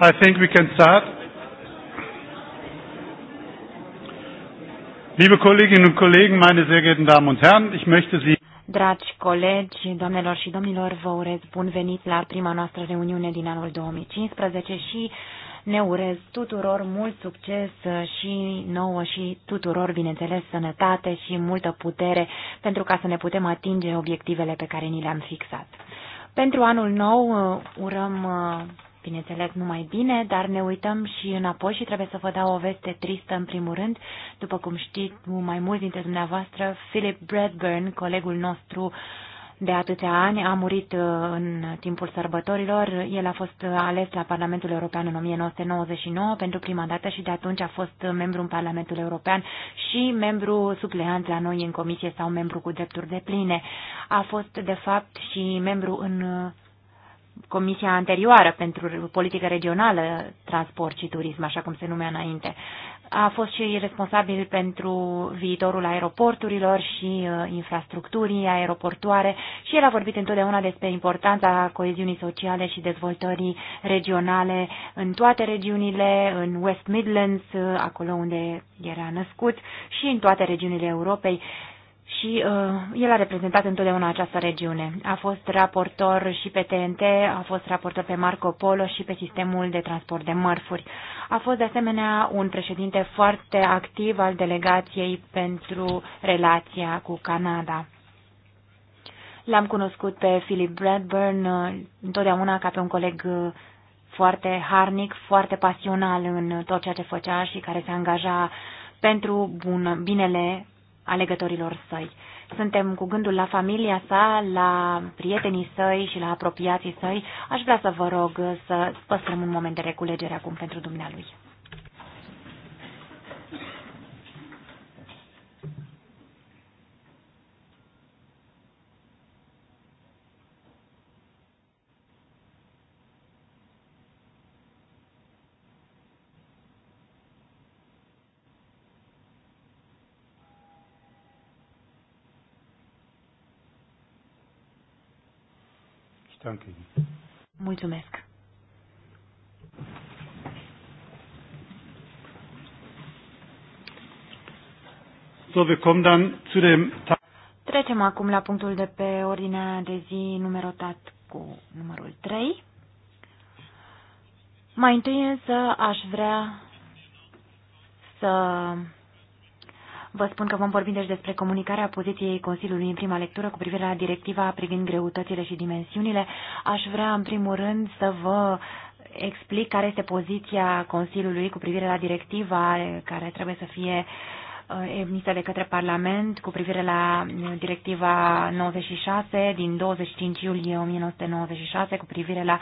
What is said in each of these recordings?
I think we can start. Liebe Kolleginnen und Kollegen, meine sehr geehrten Damen und Herren, ich möchte Sie. Dragi colegi, doamnelor și domnilor, vă urez bun venit la prima noastră reuniune din anul 2015 și ne urez tuturor mult succes și nouă și tuturor, bineînțeles, sănătate și multă putere pentru ca să ne putem atinge obiectivele pe care ni le-am fixat. Pentru anul nou uh, urăm uh, bineînțeles, numai bine, dar ne uităm și înapoi și trebuie să vă dau o veste tristă în primul rând. După cum știți mai mulți dintre dumneavoastră, Philip Bradburn, colegul nostru de atâtea ani, a murit uh, în timpul sărbătorilor. El a fost uh, ales la Parlamentul European în 1999 pentru prima dată și de atunci a fost uh, membru în Parlamentul European și membru supleant la noi în comisie sau membru cu drepturi de pline. A fost, de fapt, și membru în comisia anterioară pentru politică regională, transport și turism, așa cum se numea înainte. A fost și responsabil pentru viitorul aeroporturilor și uh, infrastructurii aeroportoare și el a vorbit întotdeauna despre importanța coeziunii sociale și dezvoltării regionale în toate regiunile, în West Midlands, uh, acolo unde era născut, și în toate regiunile Europei și uh, el a reprezentat întotdeauna această regiune. A fost raportor și pe TNT, a fost raportor pe Marco Polo și pe sistemul de transport de mărfuri. A fost de asemenea un președinte foarte activ al delegației pentru relația cu Canada. L-am cunoscut pe Philip Bradburn uh, întotdeauna ca pe un coleg uh, foarte harnic, foarte pasional în tot ceea ce făcea și care se angaja pentru bun, binele alegătorilor săi. Suntem cu gândul la familia sa, la prietenii săi și la apropiații săi. Aș vrea să vă rog să păstrăm un moment de reculegere acum pentru dumnealui. Danke Ihnen. Mulțumesc. So, wir kommen dann zu dem Trecem acum la punctul de pe ordinea de zi numerotat cu numărul 3. Mai întâi însă aș vrea să Vă spun că vom vorbi deci despre comunicarea poziției Consiliului în prima lectură cu privire la directiva privind greutățile și dimensiunile. Aș vrea în primul rând să vă explic care este poziția Consiliului cu privire la directiva care trebuie să fie eh, emisă de către Parlament cu privire la eh, directiva 96 din 25 iulie 1996 cu privire la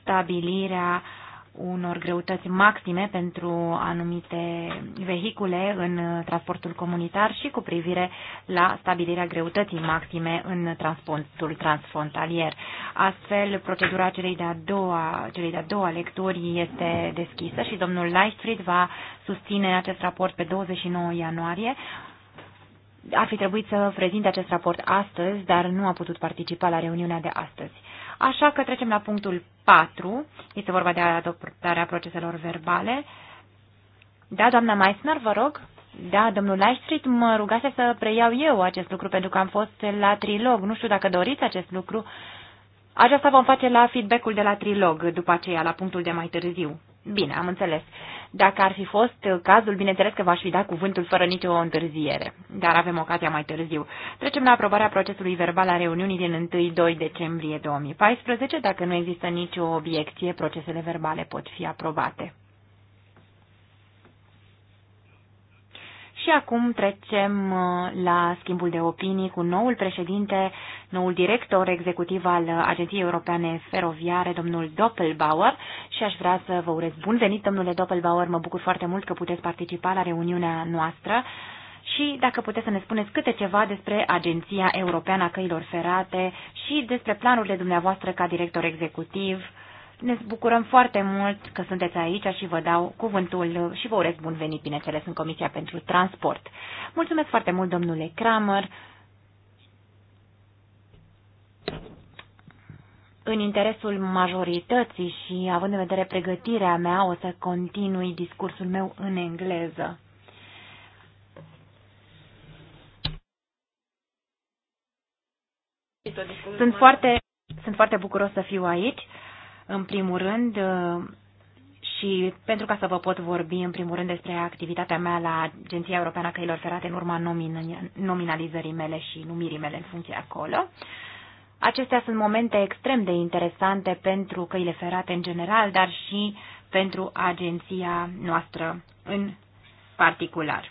stabilirea uh, unor greutăți maxime pentru anumite vehicule în transportul comunitar și cu privire la stabilirea greutății maxime în transportul transfrontalier. Astfel, procedura celei de-a doua, celei de-a doua lecturi este deschisă și domnul Leichtfried va susține acest raport pe 29 ianuarie ar fi trebuit să prezinte acest raport astăzi, dar nu a putut participa la reuniunea de astăzi. Așa că trecem la punctul 4. Este vorba de adoptarea proceselor verbale. Da, doamna Meissner, vă rog. Da, domnul Leistrit, mă rugase să preiau eu acest lucru pentru că am fost la trilog. Nu știu dacă doriți acest lucru. Aceasta vom face la feedback-ul de la trilog, după aceea, la punctul de mai târziu. Bine, am înțeles. Dacă ar fi fost cazul, bineînțeles că v-aș fi dat cuvântul fără nicio întârziere, dar avem ocazia mai târziu. Trecem la aprobarea procesului verbal a reuniunii din 1-2 decembrie 2014. Dacă nu există nicio obiecție, procesele verbale pot fi aprobate. Și acum trecem uh, la schimbul de opinii cu noul președinte, noul director executiv al Agenției Europene Feroviare, domnul Doppelbauer. Și aș vrea să vă urez bun venit, domnule Doppelbauer. Mă bucur foarte mult că puteți participa la reuniunea noastră. Și dacă puteți să ne spuneți câte ceva despre Agenția Europeană a Căilor Ferate și despre planurile dumneavoastră ca director executiv ne bucurăm foarte mult că sunteți aici și vă dau cuvântul și vă urez bun venit, bineînțeles, în Comisia pentru Transport. Mulțumesc foarte mult, domnule Kramer. În interesul majorității și având în vedere pregătirea mea, o să continui discursul meu în engleză. Sunt foarte, sunt foarte bucuros să fiu aici în primul rând, uh, și pentru ca să vă pot vorbi, în primul rând, despre activitatea mea la Agenția Europeană a Căilor Ferate în urma nominalizării mele și numirii mele în funcție acolo. Acestea sunt momente extrem de interesante pentru căile ferate în general, dar și pentru agenția noastră în particular.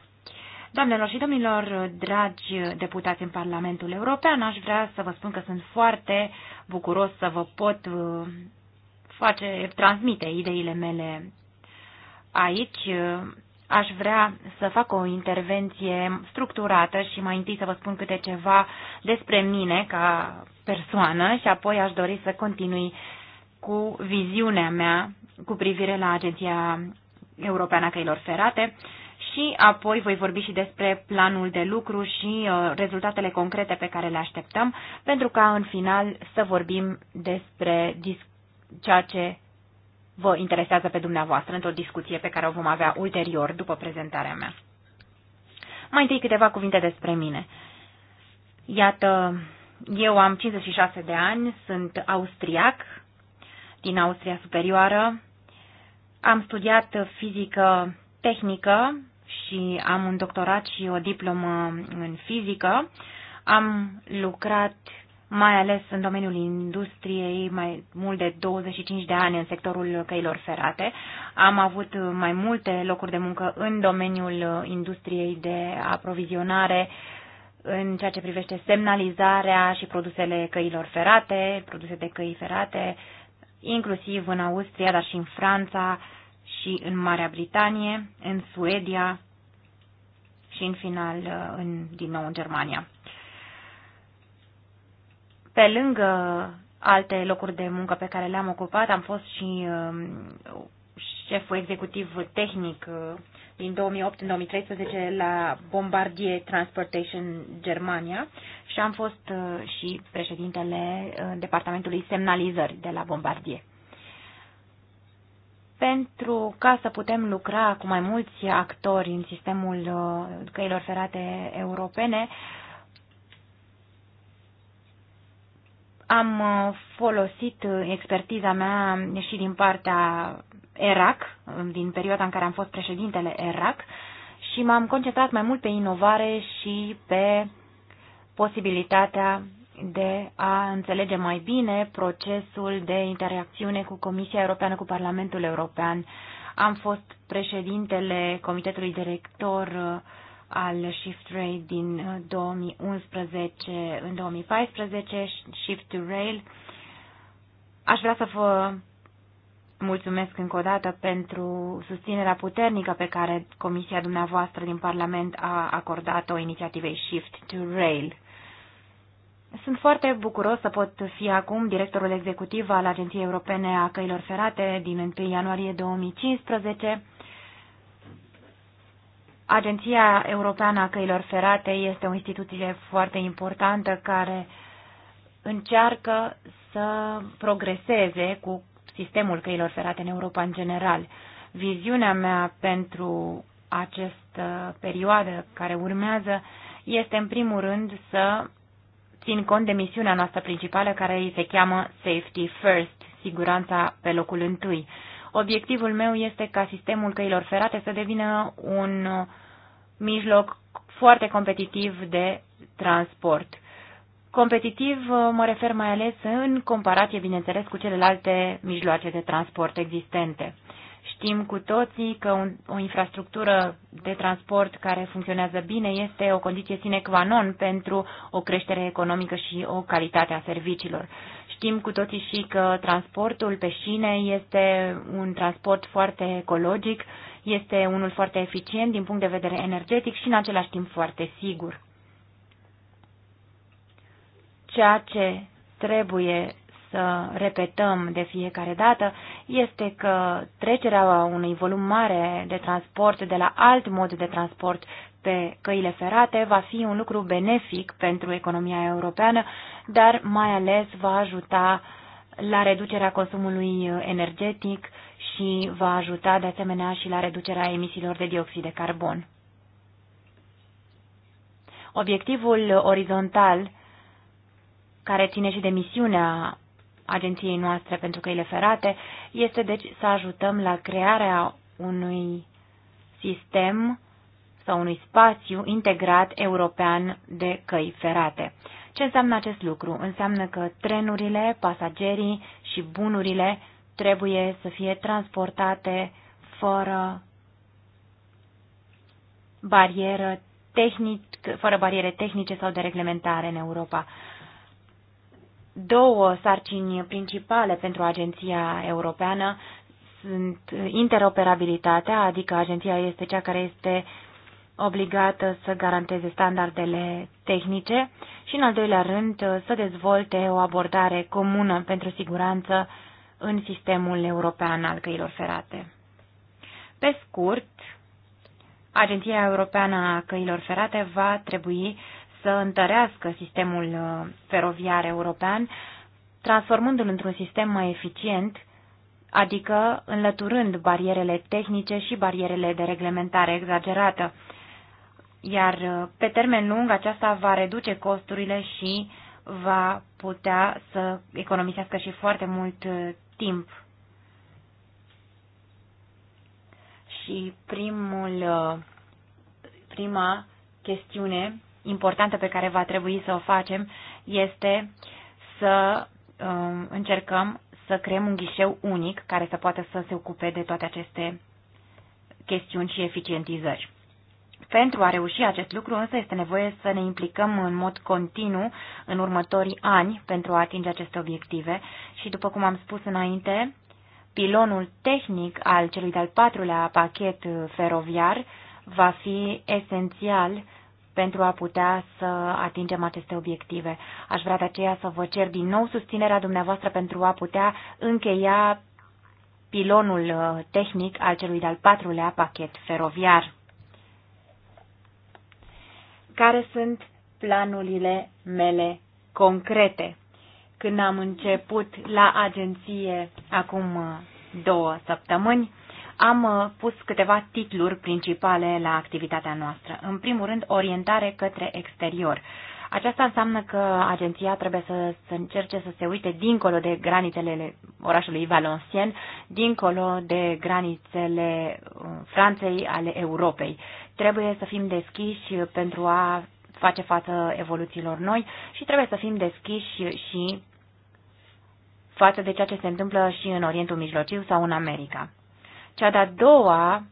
Doamnelor și domnilor, dragi deputați în Parlamentul European, aș vrea să vă spun că sunt foarte bucuros să vă pot uh, face, transmite ideile mele aici. Aș vrea să fac o intervenție structurată și mai întâi să vă spun câte ceva despre mine ca persoană și apoi aș dori să continui cu viziunea mea cu privire la Agenția Europeană a Căilor Ferate și apoi voi vorbi și despre planul de lucru și uh, rezultatele concrete pe care le așteptăm, pentru ca în final să vorbim despre ceea ce vă interesează pe dumneavoastră într-o discuție pe care o vom avea ulterior după prezentarea mea. Mai întâi câteva cuvinte despre mine. Iată, eu am 56 de ani, sunt austriac, din Austria Superioară. Am studiat fizică tehnică și am un doctorat și o diplomă în fizică. Am lucrat mai ales în domeniul industriei, mai mult de 25 de ani în sectorul căilor ferate. Am avut mai multe locuri de muncă în domeniul industriei de aprovizionare, în ceea ce privește semnalizarea și produsele căilor ferate, produse de căi ferate, inclusiv în Austria, dar și în Franța și în Marea Britanie, în Suedia și în final în, din nou în Germania. Pe lângă alte locuri de muncă pe care le-am ocupat, am fost și um, șeful executiv tehnic uh, din 2008 în 2013 la Bombardier Transportation Germania și am fost uh, și președintele uh, departamentului semnalizări de la Bombardier. Pentru ca să putem lucra cu mai mulți actori în sistemul căilor ferate europene, Am uh, folosit uh, expertiza mea și din partea ERAC, uh, din perioada în care am fost președintele ERAC, și m-am concentrat mai mult pe inovare și pe posibilitatea de a înțelege mai bine procesul de interacțiune cu Comisia Europeană, cu Parlamentul European. Am fost președintele Comitetului Director uh, al Shift Rail din 2011 uh, în 2014, Shift to Rail. Aș vrea să vă mulțumesc încă o dată pentru susținerea puternică pe care Comisia dumneavoastră din Parlament a acordat-o inițiativei Shift to Rail. Sunt foarte bucuros să pot fi acum directorul executiv al Agenției Europene a Căilor Ferate din 1 ianuarie 2015 Agenția Europeană a Căilor Ferate este o instituție foarte importantă care încearcă să progreseze cu sistemul căilor ferate în Europa în general. Viziunea mea pentru această perioadă care urmează este în primul rând să țin cont de misiunea noastră principală care se cheamă Safety First, siguranța pe locul întâi. Obiectivul meu este ca sistemul căilor ferate să devină un mijloc foarte competitiv de transport. Competitiv uh, mă refer mai ales în comparație, bineînțeles, cu celelalte mijloace de transport existente. Știm cu toții că un, o infrastructură de transport care funcționează bine este o condiție sine qua non pentru o creștere economică și o calitate a serviciilor. Știm cu toții și că transportul pe șine este un transport foarte ecologic, este unul foarte eficient din punct de vedere energetic și în același timp foarte sigur. Ceea ce trebuie să repetăm de fiecare dată este că trecerea unui volum mare de transport de la alt mod de transport pe căile ferate va fi un lucru benefic pentru economia europeană, dar mai ales va ajuta la reducerea consumului energetic și va ajuta de asemenea și la reducerea emisiilor de dioxid de carbon. Obiectivul orizontal, care ține și de misiunea agenției noastre pentru căile ferate, este deci să ajutăm la crearea unui sistem sau unui spațiu integrat european de căi ferate. Ce înseamnă acest lucru? Înseamnă că trenurile, pasagerii și bunurile trebuie să fie transportate fără barieră tehnic, fără bariere tehnice sau de reglementare în Europa. Două sarcini principale pentru Agenția Europeană sunt interoperabilitatea, adică agenția este cea care este obligată să garanteze standardele tehnice și, în al doilea rând, să dezvolte o abordare comună pentru siguranță în sistemul european al căilor ferate. Pe scurt, Agenția Europeană a Căilor Ferate va trebui să întărească sistemul uh, feroviar european, transformându-l într-un sistem mai eficient, adică înlăturând barierele tehnice și barierele de reglementare exagerată, iar uh, pe termen lung aceasta va reduce costurile și va putea să economisească și foarte mult uh, timp. Și primul, uh, prima chestiune importantă pe care va trebui să o facem este să um, încercăm să creăm un ghișeu unic care să poată să se ocupe de toate aceste chestiuni și eficientizări. Pentru a reuși acest lucru însă este nevoie să ne implicăm în mod continuu în următorii ani pentru a atinge aceste obiective și, după cum am spus înainte, pilonul tehnic al celui de-al patrulea pachet feroviar va fi esențial pentru a putea să atingem aceste obiective. Aș vrea de aceea să vă cer din nou susținerea dumneavoastră pentru a putea încheia pilonul uh, tehnic al celui de-al patrulea pachet feroviar care sunt planurile mele concrete. Când am început la agenție acum uh, două săptămâni, am uh, pus câteva titluri principale la activitatea noastră. În primul rând, orientare către exterior. Aceasta înseamnă că agenția trebuie să, să încerce să se uite dincolo de granițele orașului Valenciennes, dincolo de granițele uh, Franței ale Europei. Trebuie să fim deschiși pentru a face față evoluțiilor noi și trebuie să fim deschiși și față de ceea ce se întâmplă și în Orientul Mijlociu sau în America. Cea de-a doua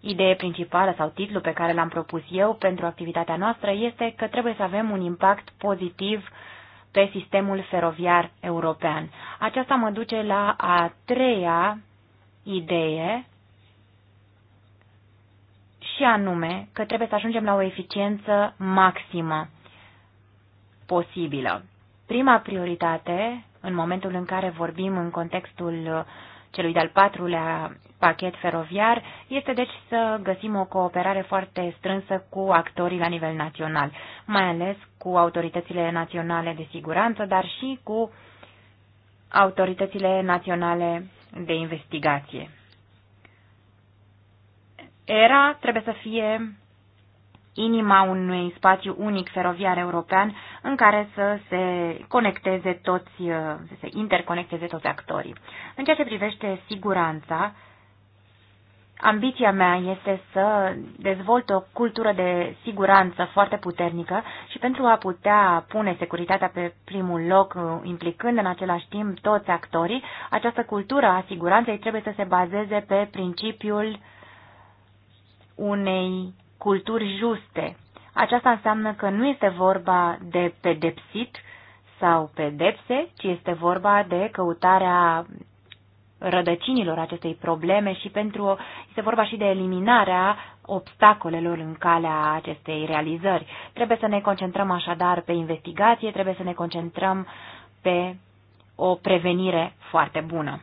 idee principală sau titlu pe care l-am propus eu pentru activitatea noastră este că trebuie să avem un impact pozitiv pe sistemul feroviar european. Aceasta mă duce la a treia idee și anume că trebuie să ajungem la o eficiență maximă posibilă. Prima prioritate, în momentul în care vorbim în contextul celui de-al patrulea pachet feroviar, este deci să găsim o cooperare foarte strânsă cu actorii la nivel național, mai ales cu autoritățile naționale de siguranță, dar și cu autoritățile naționale de investigație. ERA trebuie să fie inima unui spațiu unic feroviar european în care să se conecteze toți, uh, să se interconecteze toți actorii. În ceea ce privește siguranța, ambiția mea este să dezvolt o cultură de siguranță foarte puternică și pentru a putea pune securitatea pe primul loc, uh, implicând în același timp toți actorii, această cultură a siguranței trebuie să se bazeze pe principiul uh, unei culturi juste. Aceasta înseamnă că nu este vorba de pedepsit sau pedepse, ci este vorba de căutarea rădăcinilor acestei probleme și pentru, o este vorba și de eliminarea obstacolelor în calea acestei realizări. Trebuie să ne concentrăm așadar pe investigație, trebuie să ne concentrăm pe o prevenire foarte bună.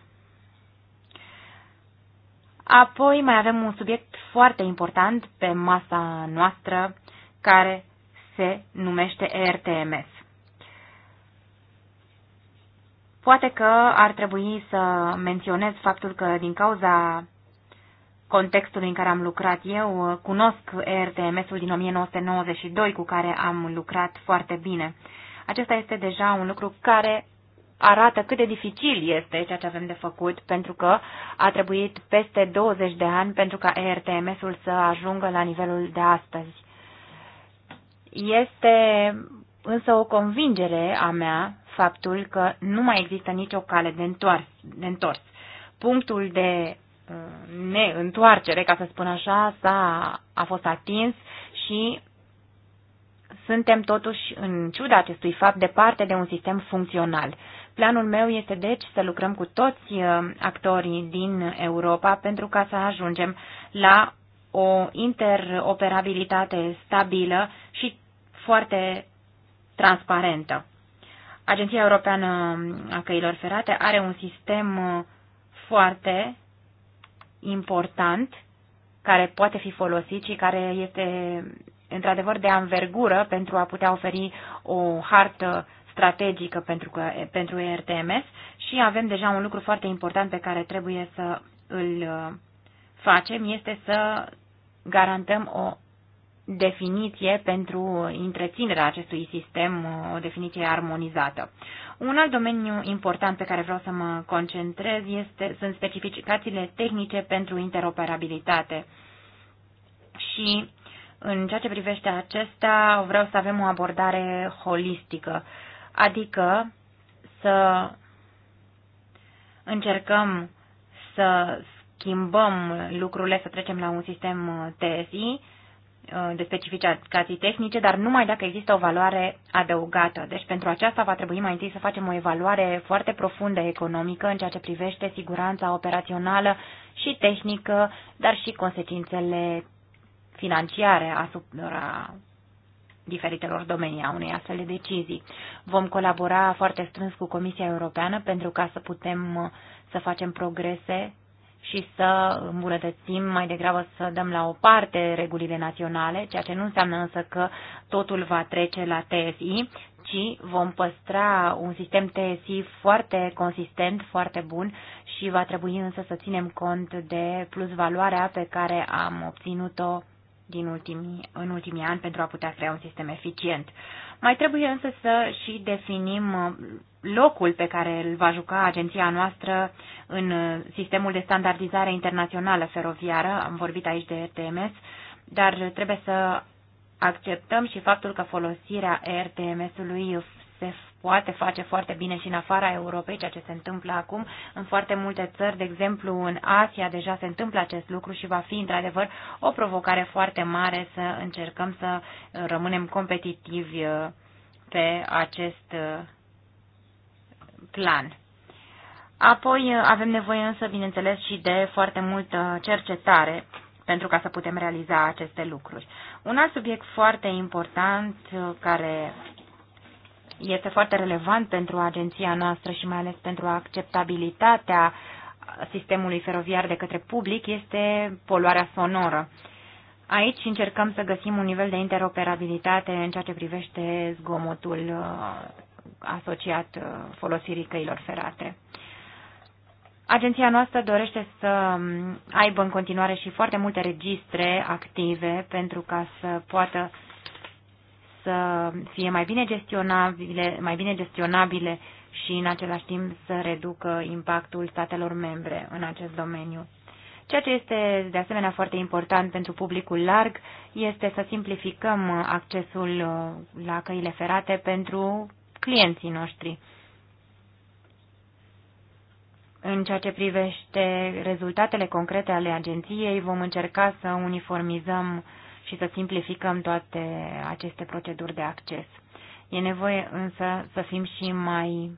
Apoi mai avem un subiect foarte important pe masa noastră care se numește RTMS. Poate că ar trebui să menționez faptul că din cauza contextului în care am lucrat eu, cunosc ERTMS-ul din 1992 cu care am lucrat foarte bine. Acesta este deja un lucru care arată cât de dificil este ceea ce avem de făcut, pentru că a trebuit peste 20 de ani pentru ca ERTMS-ul să ajungă la nivelul de astăzi. Este însă o convingere a mea faptul că nu mai există nicio cale de întors. De întors. Punctul de uh, neîntoarcere, ca să spun așa, s-a, a fost atins și suntem totuși, în ciuda acestui fapt, departe de un sistem funcțional. Planul meu este deci să lucrăm cu toți uh, actorii din Europa pentru ca să ajungem la o interoperabilitate stabilă și foarte transparentă. Agenția Europeană a Căilor Ferate are un sistem uh, foarte important care poate fi folosit și care este într-adevăr de anvergură pentru a putea oferi o hartă strategică pentru, pentru ERTMS și avem deja un lucru foarte important pe care trebuie să îl uh, facem, este să garantăm o definiție pentru întreținerea acestui sistem, uh, o definiție armonizată. Un alt domeniu important pe care vreau să mă concentrez este, sunt specificațiile tehnice pentru interoperabilitate. Și în ceea ce privește acesta, vreau să avem o abordare holistică adică să încercăm să schimbăm lucrurile, să trecem la un sistem uh, TSI uh, de specificații tehnice, dar numai dacă există o valoare adăugată. Deci pentru aceasta va trebui mai întâi să facem o evaluare foarte profundă economică în ceea ce privește siguranța operațională și tehnică, dar și consecințele financiare asupra diferitelor domenii a unei astfel de decizii. Vom colabora foarte strâns cu Comisia Europeană pentru ca să putem uh, să facem progrese și să îmbunătățim mai degrabă să dăm la o parte regulile naționale, ceea ce nu înseamnă însă că totul va trece la TSI, ci vom păstra un sistem TSI foarte consistent, foarte bun și va trebui însă să ținem cont de plus valoarea pe care am obținut-o din ultimii, în ultimii ani pentru a putea crea un sistem eficient. Mai trebuie însă să și definim uh, locul pe care îl va juca agenția noastră în uh, sistemul de standardizare internațională feroviară, am vorbit aici de RTMS, dar trebuie să acceptăm și faptul că folosirea RTMS-ului se poate face foarte bine și în afara Europei, ceea ce se întâmplă acum în foarte multe țări, de exemplu în Asia deja se întâmplă acest lucru și va fi într-adevăr o provocare foarte mare să încercăm să rămânem competitivi uh, pe acest uh, plan. Apoi uh, avem nevoie însă, bineînțeles, și de foarte multă cercetare pentru ca să putem realiza aceste lucruri. Un alt subiect foarte important care este foarte relevant pentru agenția noastră și mai ales pentru acceptabilitatea sistemului feroviar de către public este poluarea sonoră. Aici încercăm să găsim un nivel de interoperabilitate în ceea ce privește zgomotul uh, asociat uh, folosirii căilor ferate. Agenția noastră dorește să aibă în continuare și foarte multe registre active pentru ca să poată să fie mai bine gestionabile, mai bine gestionabile și în același timp să reducă impactul statelor membre în acest domeniu. Ceea ce este de asemenea foarte important pentru publicul larg este să simplificăm accesul la căile ferate pentru clienții noștri. În ceea ce privește rezultatele concrete ale agenției, vom încerca să uniformizăm uh, și să simplificăm toate aceste proceduri de acces. E nevoie însă să fim și mai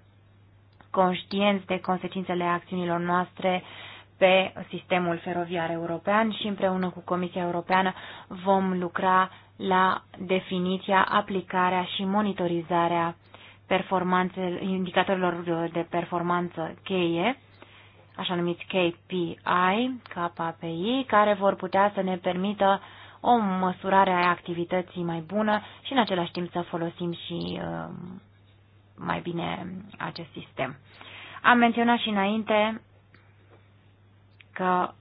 conștienți de consecințele acțiunilor noastre pe sistemul feroviar european și împreună cu Comisia Europeană vom lucra la definiția, aplicarea și monitorizarea indicatorilor de performanță cheie, așa numiți KPI, KPI, care vor putea să ne permită o măsurare a activității mai bună și în același timp să folosim și um, mai bine acest sistem. Am menționat și înainte că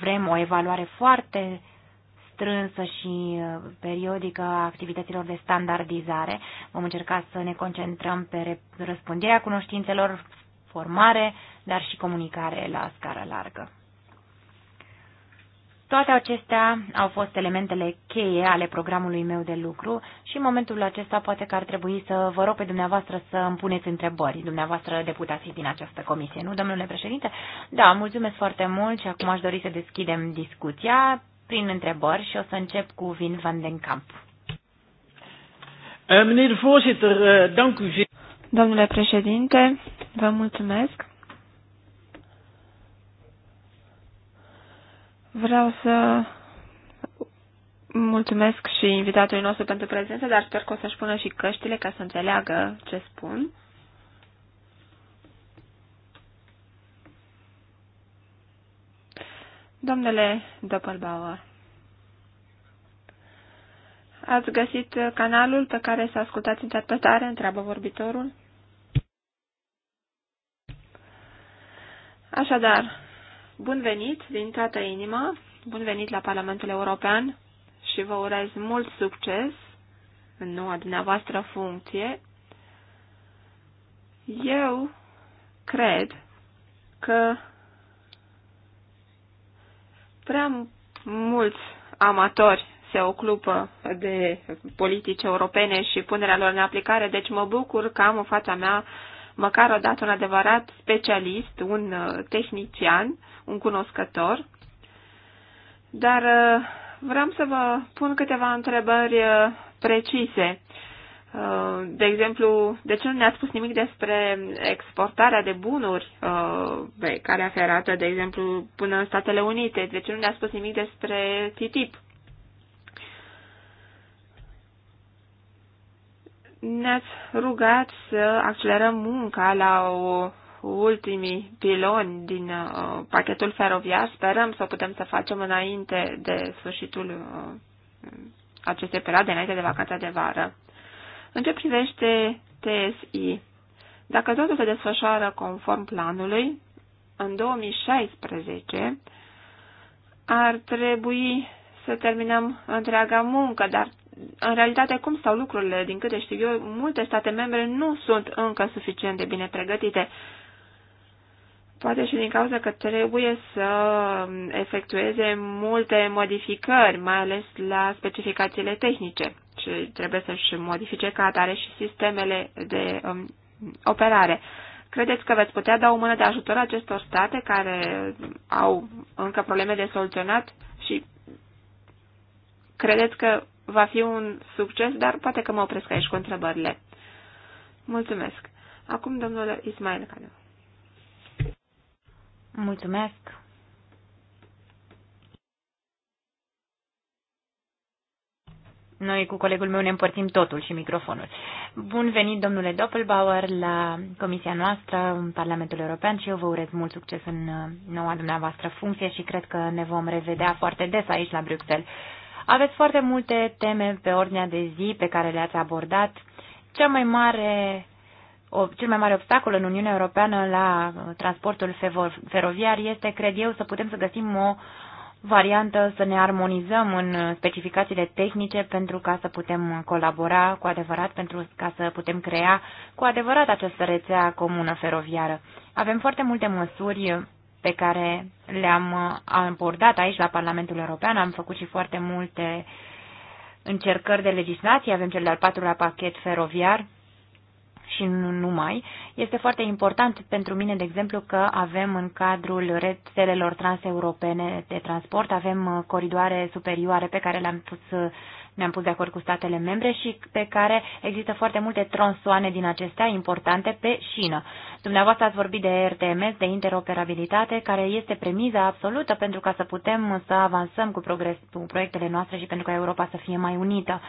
vrem o evaluare foarte strânsă și uh, periodică a activităților de standardizare. Vom încerca să ne concentrăm pe răspândirea cunoștințelor, formare, dar și comunicare la scară largă. Toate acestea au fost elementele cheie ale programului meu de lucru și în momentul acesta poate că ar trebui să vă rog pe dumneavoastră să îmi puneți întrebări, dumneavoastră deputații din această comisie, nu, domnule președinte? Da, mulțumesc foarte mult și acum aș dori să deschidem discuția prin întrebări și o să încep cu Vin van den Kamp. Eh, eh, domnule președinte, vă mulțumesc. Vreau să mulțumesc și invitatului nostru pentru prezență, dar sper că o să-și pună și căștile ca să înțeleagă ce spun. Domnule Doppelbauer, ați găsit canalul pe care să ascultați interpretare, întreabă vorbitorul? Așadar, Bun venit din toată inima, bun venit la Parlamentul European și vă urez mult succes în noua dumneavoastră funcție. Eu cred că prea mulți amatori se ocupă de politici europene și punerea lor în aplicare, deci mă bucur că am în fața mea uh, măcar odată un adevărat specialist, un uh, tehnician, un cunoscător. Dar uh, vreau să vă pun câteva întrebări uh, precise. De exemplu, de ce nu ne a spus nimic despre exportarea de bunuri pe care ferată, de exemplu, până în Statele Unite? De ce nu ne a spus nimic despre TTIP? ne-ați rugat să accelerăm munca la o, ultimii piloni din uh, pachetul feroviar. Sperăm să o putem să facem înainte de sfârșitul uh, acestei perioade, înainte de vacanța de vară. În ce privește TSI, dacă totul se desfășoară conform planului, în 2016 ar trebui să terminăm întreaga muncă, dar în realitate, cum stau lucrurile? Din câte știu eu, multe state membre nu sunt încă suficient de bine pregătite. Poate și din cauza că trebuie să efectueze multe modificări, mai ales la specificațiile tehnice și trebuie să-și modifice ca atare și sistemele de um, operare. Credeți că veți putea da o mână de ajutor acestor state care au încă probleme de soluționat și credeți că va fi un succes, dar poate că mă opresc aici cu întrebările. Mulțumesc. Acum domnul Ismail Canu. Mulțumesc. Noi cu colegul meu ne împărțim totul și microfonul. Bun venit, domnule Doppelbauer, la comisia noastră în Parlamentul European și eu vă urez mult succes în uh, noua dumneavoastră funcție și cred că ne vom revedea foarte des aici la Bruxelles. Aveți foarte multe teme pe ordinea de zi pe care le-ați abordat. Cea mai mare cel mai mare obstacol în Uniunea Europeană la transportul feroviar este, cred eu, să putem să găsim o variantă să ne armonizăm în specificațiile tehnice pentru ca să putem colabora cu adevărat, pentru ca să putem crea cu adevărat această rețea comună feroviară. Avem foarte multe măsuri pe care le-am uh, abordat aici la Parlamentul European. Am făcut și foarte multe încercări de legislație. Avem cel de-al patrulea pachet feroviar și nu numai. Este foarte important pentru mine, de exemplu, că avem în cadrul rețelelor transeuropene de transport, avem uh, coridoare superioare pe care le-am pus uh, ne-am pus de acord cu statele membre și pe care există foarte multe tronsoane din acestea importante pe șină. Dumneavoastră ați vorbit de RTMS, de interoperabilitate, care este premiza absolută pentru ca să putem să avansăm cu, progres, cu proiectele noastre și pentru ca Europa să fie mai unită.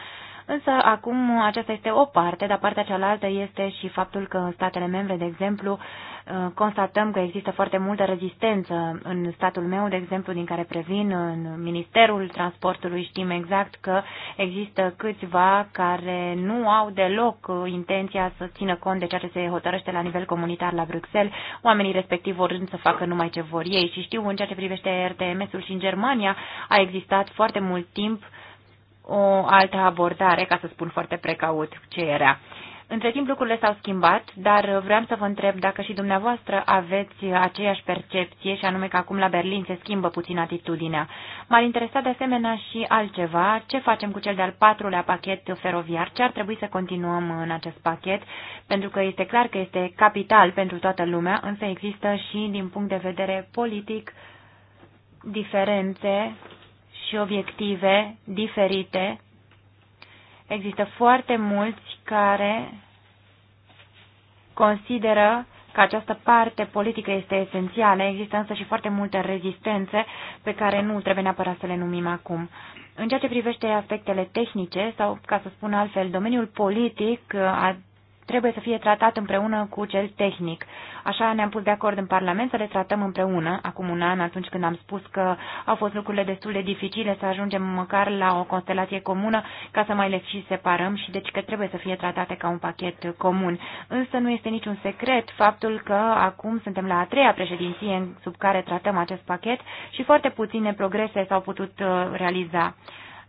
Însă acum aceasta este o parte, dar partea cealaltă este și faptul că în statele membre, de exemplu, uh, constatăm că există foarte multă rezistență în statul meu, de exemplu, din care previn, în Ministerul Transportului știm exact că există câțiva care nu au deloc uh, intenția să țină cont de ceea ce se hotărăște la nivel comunitar la Bruxelles, oamenii respectiv vorând să facă numai ce vor ei și știu în ceea ce privește RTMS-ul și în Germania a existat foarte mult timp uh, o altă abordare, ca să spun foarte precaut ce era. Între timp lucrurile s-au schimbat, dar vreau să vă întreb dacă și dumneavoastră aveți aceeași percepție și anume că acum la Berlin se schimbă puțin atitudinea. M-ar interesa de asemenea și altceva, ce facem cu cel de-al patrulea pachet feroviar, ce ar trebui să continuăm în acest pachet, pentru că este clar că este capital pentru toată lumea, însă există și din punct de vedere politic diferențe și obiective diferite. Există foarte mulți care consideră că această parte politică este esențială, există însă și foarte multe rezistențe pe care nu trebuie neapărat să le numim acum. În ceea ce privește aspectele tehnice, sau ca să spun altfel, domeniul politic trebuie să fie tratat împreună cu cel tehnic. Așa ne-am pus de acord în Parlament să le tratăm împreună, acum un an, atunci când am spus că au fost lucrurile destul de dificile să ajungem măcar la o constelație comună ca să mai le și separăm și deci că trebuie să fie tratate ca un pachet comun. Însă nu este niciun secret faptul că acum suntem la a treia președinție sub care tratăm acest pachet și foarte puține progrese s-au putut uh, realiza.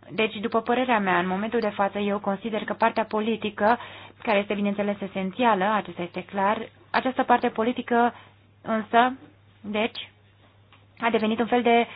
Deci, după părerea mea, în momentul de față, eu consider că partea politică, care este, bineînțeles, esențială, acesta este clar, această parte politică, însă, deci, a devenit un fel de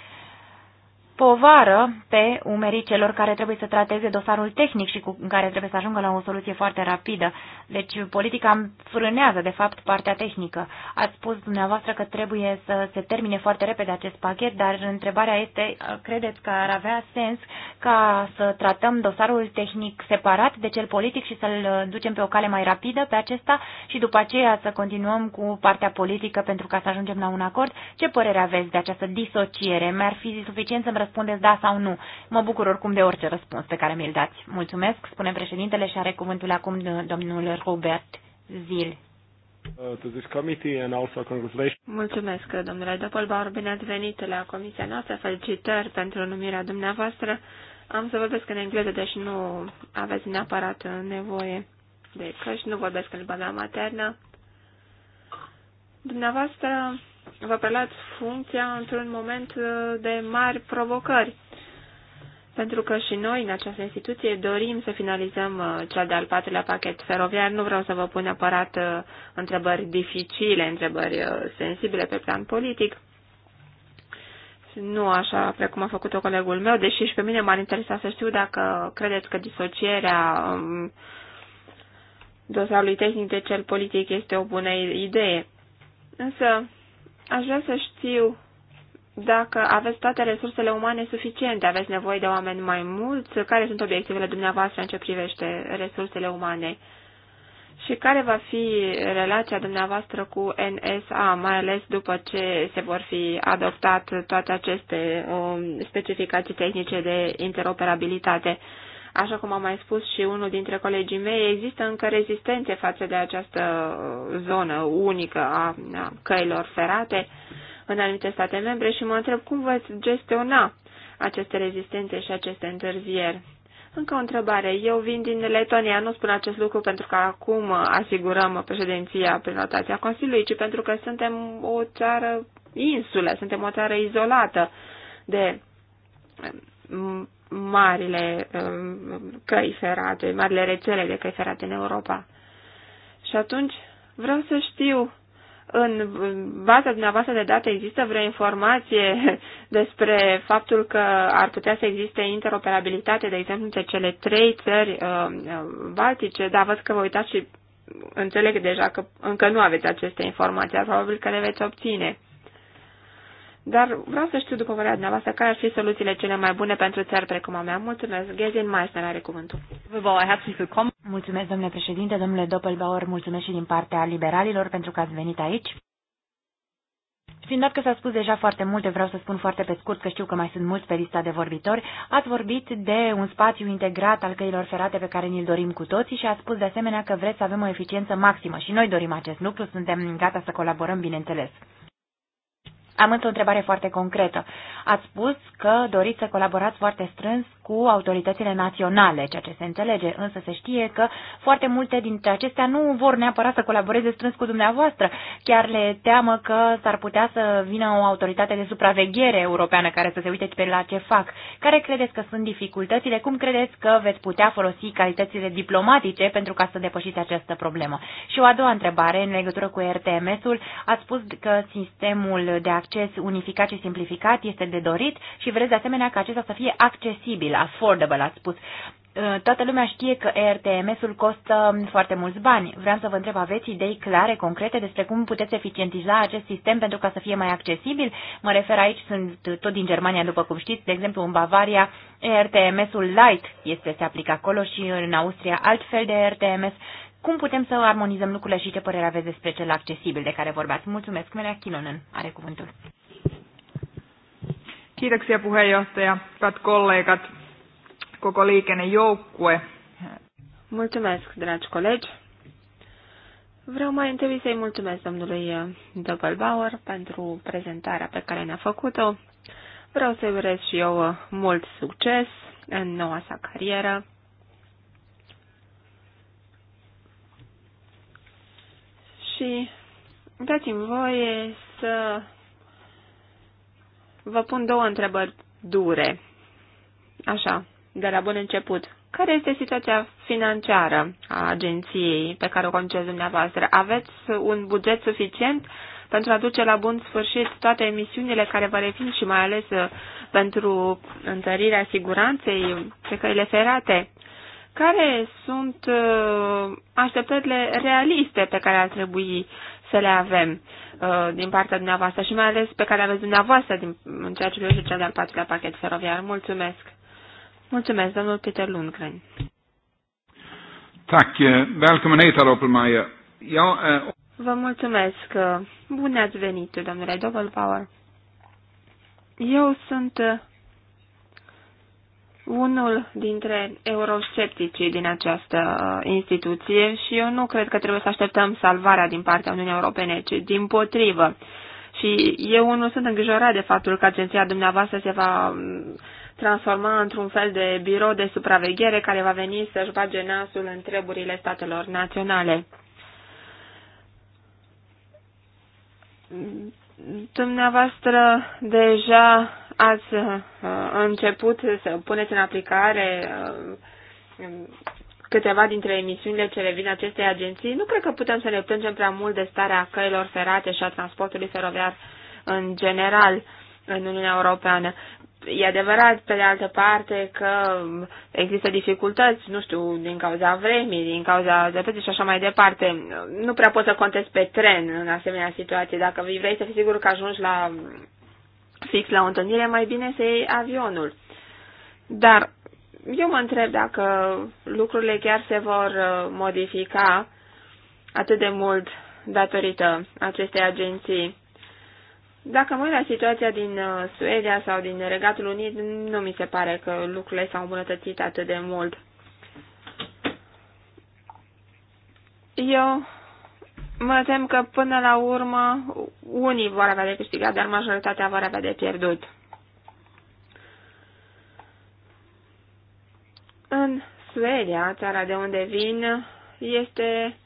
povară pe umerii celor care trebuie să trateze dosarul tehnic și cu care trebuie să ajungă la o soluție foarte rapidă. Deci politica frânează, de fapt, partea tehnică. Ați spus dumneavoastră că trebuie să se termine foarte repede acest pachet, dar întrebarea este, credeți că ar avea sens ca să tratăm dosarul tehnic separat de cel politic și să-l ducem pe o cale mai rapidă pe acesta și după aceea să continuăm cu partea politică pentru ca să ajungem la un acord? Ce părere aveți de această disociere? Mi-ar fi suficient să-mi răspundeți da sau nu. Mă bucur oricum de orice răspuns pe care mi-l dați. Mulțumesc, spune președintele și are cuvântul acum domnul Robert Zil. Uh, Mulțumesc, domnule Doppelbauer, bine ați venit la comisia noastră, felicitări pentru numirea dumneavoastră. Am să vorbesc în engleză, deci nu aveți neapărat nevoie de căști, nu vorbesc în limba maternă. Dumneavoastră vă prelați funcția într-un moment uh, de mari provocări. Pentru că și noi, în această instituție, dorim să finalizăm uh, cel de-al patrulea pachet feroviar. Nu vreau să vă pun aparat uh, întrebări dificile, întrebări sensibile pe plan politic. Nu așa precum a făcut-o colegul meu, deși și pe mine m-ar interesa să știu dacă credeți că disocierea um, dosarului tehnic de cel politic este o bună idee. Însă, Aș vrea să știu dacă aveți toate resursele umane suficiente, aveți nevoie de oameni mai mulți, care sunt obiectivele dumneavoastră în ce privește resursele umane și care va fi relația dumneavoastră cu NSA, mai ales după ce se vor fi adoptat toate aceste um, specificații tehnice de interoperabilitate. Așa cum am mai spus și unul dintre colegii mei, există încă rezistențe față de această zonă unică a căilor ferate în anumite state membre și mă întreb cum veți gestiona aceste rezistențe și aceste întârzieri. Încă o întrebare. Eu vin din Letonia, nu spun acest lucru pentru că acum asigurăm președinția prin notația Consiliului, ci pentru că suntem o țară insulă, suntem o țară izolată de marile um, căi ferate, marile rețele de căi ferate în Europa. Și atunci vreau să știu, în baza dumneavoastră de date există vreo informație despre faptul că ar putea să existe interoperabilitate, de exemplu, între cele trei țări um, um, baltice, dar văd că vă uitați și înțeleg deja că încă nu aveți aceste informații, probabil că le veți obține. Dar vreau să știu, după părerea dumneavoastră, care ar fi soluțiile cele mai bune pentru țări precum a mea. Mulțumesc. Gezin Meissner are cuvântul. Mulțumesc, domnule președinte, domnule Doppelbauer, mulțumesc și din partea liberalilor pentru că ați venit aici. Fiind dat că s-a spus deja foarte multe, vreau să spun foarte pe scurt că știu că mai sunt mulți pe lista de vorbitori, ați vorbit de un spațiu integrat al căilor ferate pe care ni-l dorim cu toții și ați spus de asemenea că vreți să avem o eficiență maximă și noi dorim acest lucru, suntem gata să colaborăm, bineînțeles. Am însă o întrebare foarte concretă. Ați spus că doriți să colaborați foarte strâns cu autoritățile naționale, ceea ce se înțelege, însă se știe că foarte multe dintre acestea nu vor neapărat să colaboreze strâns cu dumneavoastră. Chiar le teamă că s-ar putea să vină o autoritate de supraveghere europeană care să se uite pe la ce fac. Care credeți că sunt dificultățile? Cum credeți că veți putea folosi calitățile diplomatice pentru ca să depășiți această problemă? Și o a doua întrebare, în legătură cu RTMS-ul, ați spus că sistemul de acces unificat și simplificat este de dorit și vreți de asemenea ca acesta să fie accesibil, affordable, ați spus. Uh, toată lumea știe că ERTMS-ul costă foarte mulți bani. Vreau să vă întreb, aveți idei clare, concrete despre cum puteți eficientiza acest sistem pentru ca să fie mai accesibil? Mă refer aici, sunt tot din Germania, după cum știți, de exemplu în Bavaria, ERTMS-ul Light este, se aplică acolo și în Austria alt fel de ERTMS cum putem să armonizăm lucrurile și ce părere aveți despre cel accesibil de care vorbeați? Mulțumesc, Melea kinonen are cuvântul. Kiitoksia puheenjohtaja, hyvät kollegat, koko liikennejoukkue. Mulțumesc, dragi colegi. Vreau mai întâi să-i mulțumesc domnului Doppelbauer pentru prezentarea pe care ne-a făcut-o. Vreau să-i urez și eu mult succes în noua sa carieră și dați-mi voie să vă pun două întrebări dure. Așa, de la bun început. Care este situația financiară a agenției pe care o conduceți dumneavoastră? Aveți un buget suficient pentru a duce la bun sfârșit toate emisiunile care vă revin și mai ales uh, pentru întărirea siguranței pe căile ferate? care sunt uh, așteptările realiste pe care ar trebui să le avem uh, din partea dumneavoastră și mai ales pe care aveți dumneavoastră din, în ceea ce privește cel de-al patrulea pachet feroviar. Mulțumesc! Mulțumesc, domnul Peter Lundgren. Tack! Välkommen eh, hit, herr Oppelmeier. Jag, eh, Vă mulțumesc! Bun ați venit, domnule Doppelbauer. Eu sunt eh, unul dintre euroscepticii din această uh, instituție și eu nu cred că trebuie să așteptăm salvarea din partea Uniunii Europene, ci din potrivă. Și eu nu sunt îngrijorat de faptul că agenția dumneavoastră se va um, transforma într-un fel de birou de supraveghere care va veni să-și bage nasul în treburile statelor naționale. Dumneavoastră deja ați uh, început să puneți în aplicare uh, câteva dintre emisiunile ce revin acestei agenții, nu cred că putem să ne plângem prea mult de starea căilor ferate și a transportului feroviar în general în Uniunea Europeană. E adevărat, pe de altă parte, că există dificultăți, nu știu, din cauza vremii, din cauza zăpezii și așa mai departe. Nu prea poți să contezi pe tren în asemenea situație. Dacă vrei să fii sigur că ajungi la fix la o întâlnire, mai bine să iei avionul. Dar eu mă întreb dacă lucrurile chiar se vor uh, modifica atât de mult datorită acestei agenții. Dacă mă uit la situația din uh, Suedia sau din Regatul Unit, nu mi se pare că lucrurile s-au îmbunătățit atât de mult. Eu mă tem că până la urmă unii vor avea de câștigat, dar majoritatea vor avea de pierdut. În Suedia, țara de unde vin, este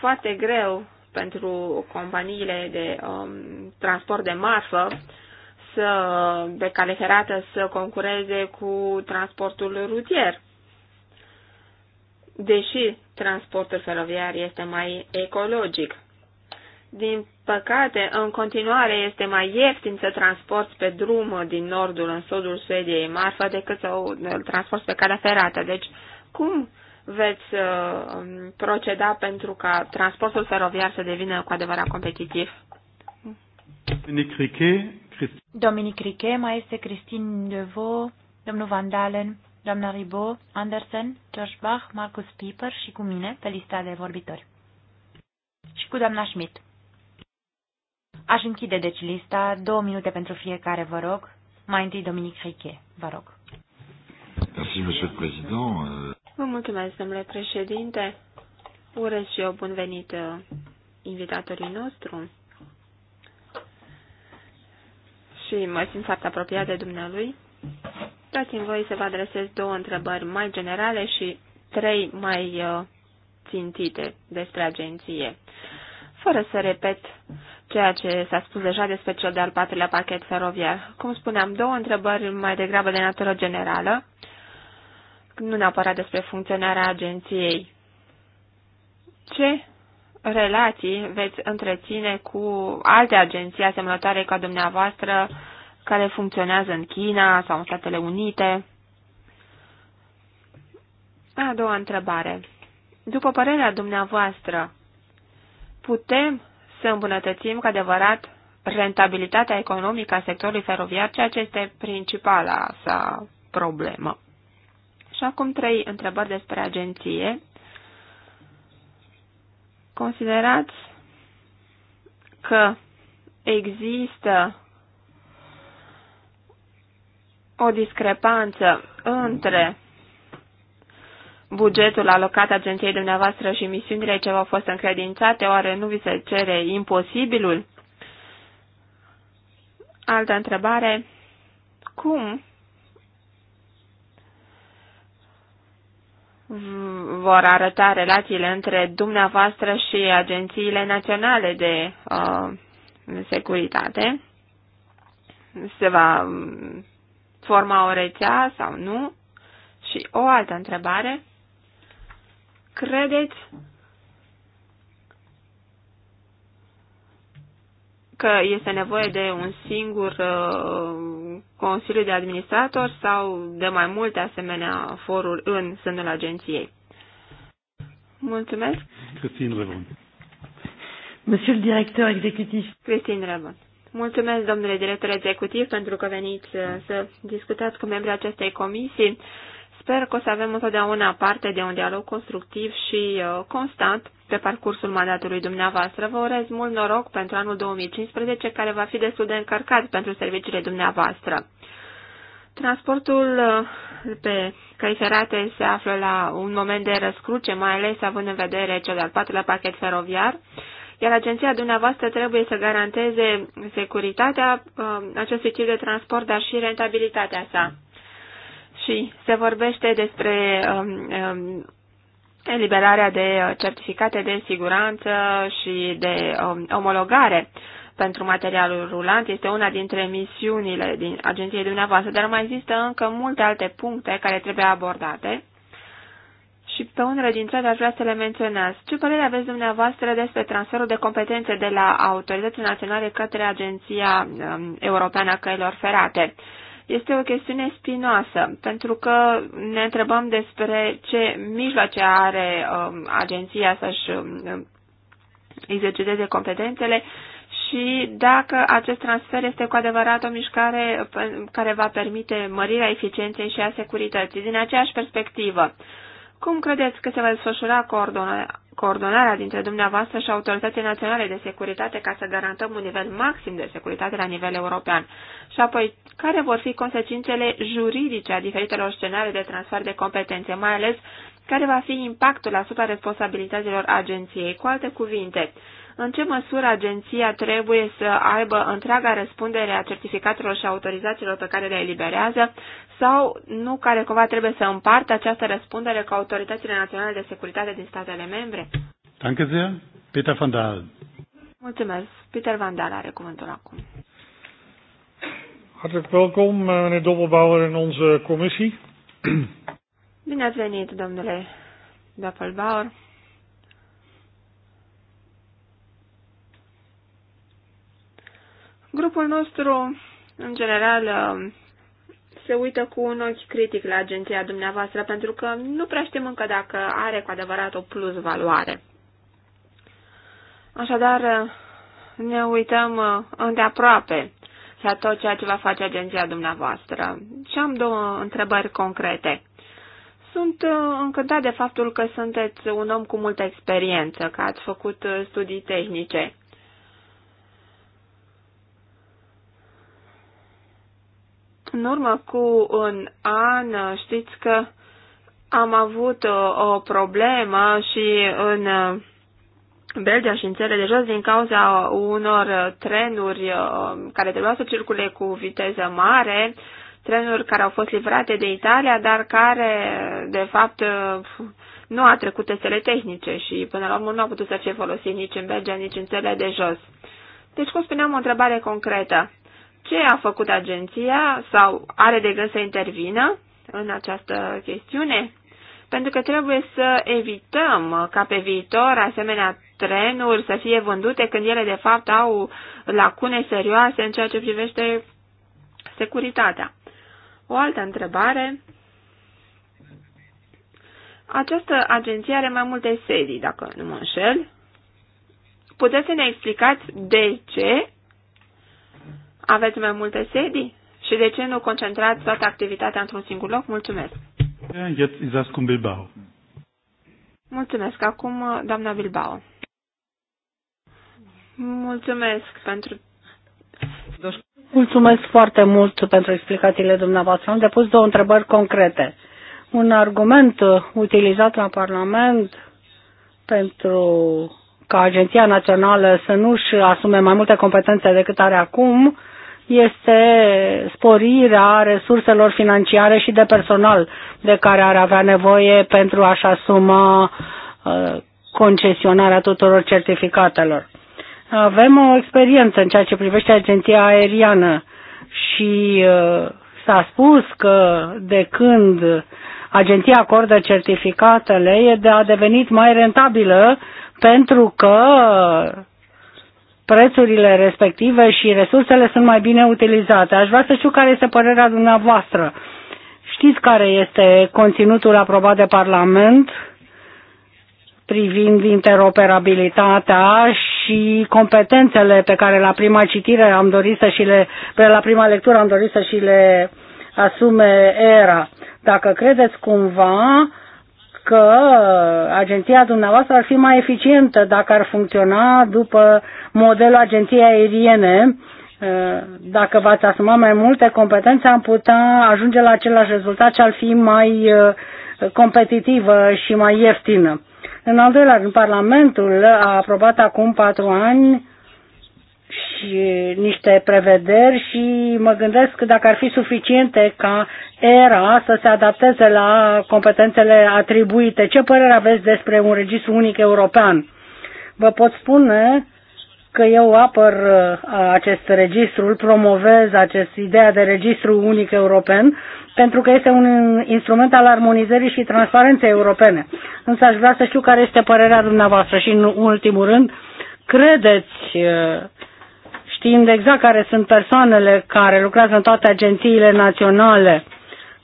foarte greu pentru companiile de um, transport de marfă să, de cale ferată să concureze cu transportul rutier deși transportul feroviar este mai ecologic. Din păcate, în continuare este mai ieftin să transporti pe drum din nordul în sudul Suediei marfa decât să o transporti pe calea ferată. Deci, cum veți uh, proceda pentru ca transportul feroviar să devină cu adevărat competitiv? Dominic Riche, mai este Cristin Devo, domnul Van Dalen doamna Ribot, Andersen, George Bach, Marcus Pieper și cu mine pe lista de vorbitori. Și cu doamna Schmidt. Aș închide deci lista, două minute pentru fiecare, vă rog. Mai întâi Dominic Riche, vă rog. Merci, Monsieur le Président. Vă mulțumesc, domnule președinte. Urez și eu bun venit uh, invitatorii nostru. Și mă simt foarte apropiat de dumnealui. Dați-mi voi să vă adresez două întrebări mai generale și trei mai uh, țintite despre agenție. Fără să repet ceea ce s-a spus deja despre cel de-al patrulea pachet feroviar, cum spuneam, două întrebări mai degrabă de natură generală, nu neapărat despre funcționarea agenției. Ce relații veți întreține cu alte agenții asemănătoare ca dumneavoastră care funcționează în China sau în Statele Unite. A doua întrebare. După părerea dumneavoastră, putem să îmbunătățim cu adevărat rentabilitatea economică a sectorului feroviar, ceea ce este principala sa problemă. Și acum trei întrebări despre agenție. Considerați că există o discrepanță între bugetul alocat agenției dumneavoastră și misiunile ce v-au fost încredințate, oare nu vi se cere imposibilul? Altă întrebare, cum vor arăta relațiile între dumneavoastră și agențiile naționale de uh, securitate? Se va forma o rețea sau nu? Și o altă întrebare. Credeți că este nevoie de un singur uh, Consiliu de Administrator sau de mai multe asemenea foruri în sânul agenției? Mulțumesc. Cristin Revon. Monsieur le directeur exécutif. Cristin Revon. Mulțumesc, domnule director executiv, pentru că veniți uh, să discutați cu membrii acestei comisii. Sper că o să avem întotdeauna parte de un dialog constructiv și uh, constant pe parcursul mandatului dumneavoastră. Vă urez mult noroc pentru anul 2015, care va fi destul de încărcat pentru serviciile dumneavoastră. Transportul uh, pe căi ferate se află la un moment de răscruce, mai ales având în vedere cel de-al patrulea pachet feroviar iar agenția dumneavoastră trebuie să garanteze securitatea um, acestui tip de transport, dar și rentabilitatea sa. Și se vorbește despre um, um, eliberarea de certificate de siguranță și de um, omologare pentru materialul rulant. Este una dintre misiunile din agenției dumneavoastră, dar mai există încă multe alte puncte care trebuie abordate și pe unele din cele aș vrea să le menționez. Ce părere aveți dumneavoastră despre transferul de competențe de la autoritățile naționale către Agenția um, Europeană a Căilor Ferate? Este o chestiune spinoasă, pentru că ne întrebăm despre ce mijloace are um, agenția să-și um, exerciteze competențele și dacă acest transfer este cu adevărat o mișcare care va permite mărirea eficienței și a securității. Din aceeași perspectivă, cum credeți că se va desfășura coordonarea dintre dumneavoastră și autoritățile naționale de securitate ca să garantăm un nivel maxim de securitate la nivel european? Și apoi, care vor fi consecințele juridice a diferitelor scenarii de transfer de competențe, mai ales care va fi impactul asupra responsabilităților agenției? Cu alte cuvinte, în ce măsură agenția trebuie să aibă întreaga răspundere a certificatelor și autorizațiilor pe care le eliberează sau nu care cumva trebuie să împartă această răspundere cu autoritățile naționale de securitate din statele membre? Danke sehr. Peter van Dalen. Mulțumesc. Peter van Dalen are cuvântul acum. Hartelijk welkom, eh, meneer Doppelbauer, în onze commissie. Bine ați venit, domnule Doppelbauer. corpul nostru, în general, se uită cu un ochi critic la agenția dumneavoastră, pentru că nu prea știm încă dacă are cu adevărat o plus valoare. Așadar, ne uităm îndeaproape la tot ceea ce va face agenția dumneavoastră. Și am două întrebări concrete. Sunt încântat de faptul că sunteți un om cu multă experiență, că ați făcut studii tehnice. În urmă cu un an, știți că am avut o, o problemă și în uh, Belgia și în țările de jos din cauza unor trenuri uh, care trebuiau să circule cu viteză mare, trenuri care au fost livrate de Italia, dar care, de fapt, uh, nu a trecut testele tehnice și, până la urmă, nu a putut să fie folosit nici în Belgia, nici în țările de jos. Deci, cum spuneam, o întrebare concretă. Ce a făcut agenția sau are de gând să intervină în această chestiune? Pentru că trebuie să evităm ca pe viitor asemenea trenuri să fie vândute când ele de fapt au lacune serioase în ceea ce privește securitatea. O altă întrebare. Această agenție are mai multe sedii, dacă nu mă înșel. Puteți să ne explicați de ce aveți mai multe sedii? Și de ce nu concentrați toată activitatea într-un singur loc? Mulțumesc! Mulțumesc. Acum, uh, doamna Bilbao. Mulțumesc pentru... Mulțumesc foarte mult pentru explicațiile dumneavoastră. Am depus două întrebări concrete. Un argument uh, utilizat la Parlament pentru ca Agenția Națională să nu-și asume mai multe competențe decât are acum, este sporirea resurselor financiare și de personal de care ar avea nevoie pentru a-și asuma uh, concesionarea tuturor certificatelor. Avem o experiență în ceea ce privește agenția aeriană și uh, s-a spus că de când agenția acordă certificatele, ea a devenit mai rentabilă pentru că prețurile respective și resursele sunt mai bine utilizate. Aș vrea să știu care este părerea dumneavoastră. Știți care este conținutul aprobat de Parlament privind interoperabilitatea și competențele pe care la prima citire am dorit să și le, pe la prima lectură am dorit să și le asume era. Dacă credeți cumva că agenția dumneavoastră ar fi mai eficientă dacă ar funcționa după modelul agenției aeriene. Eh, dacă v-ați asuma mai multe competențe, am putea ajunge la același rezultat și ar fi mai eh, competitivă și mai ieftină. În al doilea rând, Parlamentul a aprobat acum patru ani niște prevederi și mă gândesc dacă ar fi suficiente ca ERA să se adapteze la competențele atribuite. Ce părere aveți despre un registru unic european? Vă pot spune că eu apăr uh, acest registru, îl promovez acest ideea de registru unic european, pentru că este un instrument al armonizării și transparenței europene. Însă aș vrea să știu care este părerea dumneavoastră și, în ultimul rând, credeți uh, știind exact care sunt persoanele care lucrează în toate agențiile naționale,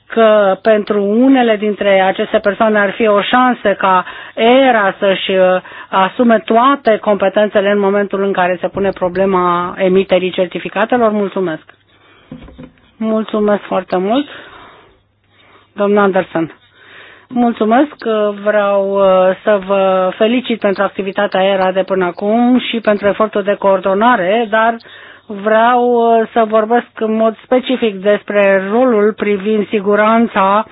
că pentru unele dintre aceste persoane ar fi o șansă ca ERA să-și uh, asume toate competențele în momentul în care se pune problema emiterii certificatelor. Mulțumesc! Mulțumesc foarte mult, domnul Anderson. Mulțumesc, vreau uh, să vă felicit pentru activitatea ERA de până acum și pentru efortul de coordonare, dar vreau uh, să vorbesc în mod specific despre rolul privind siguranța,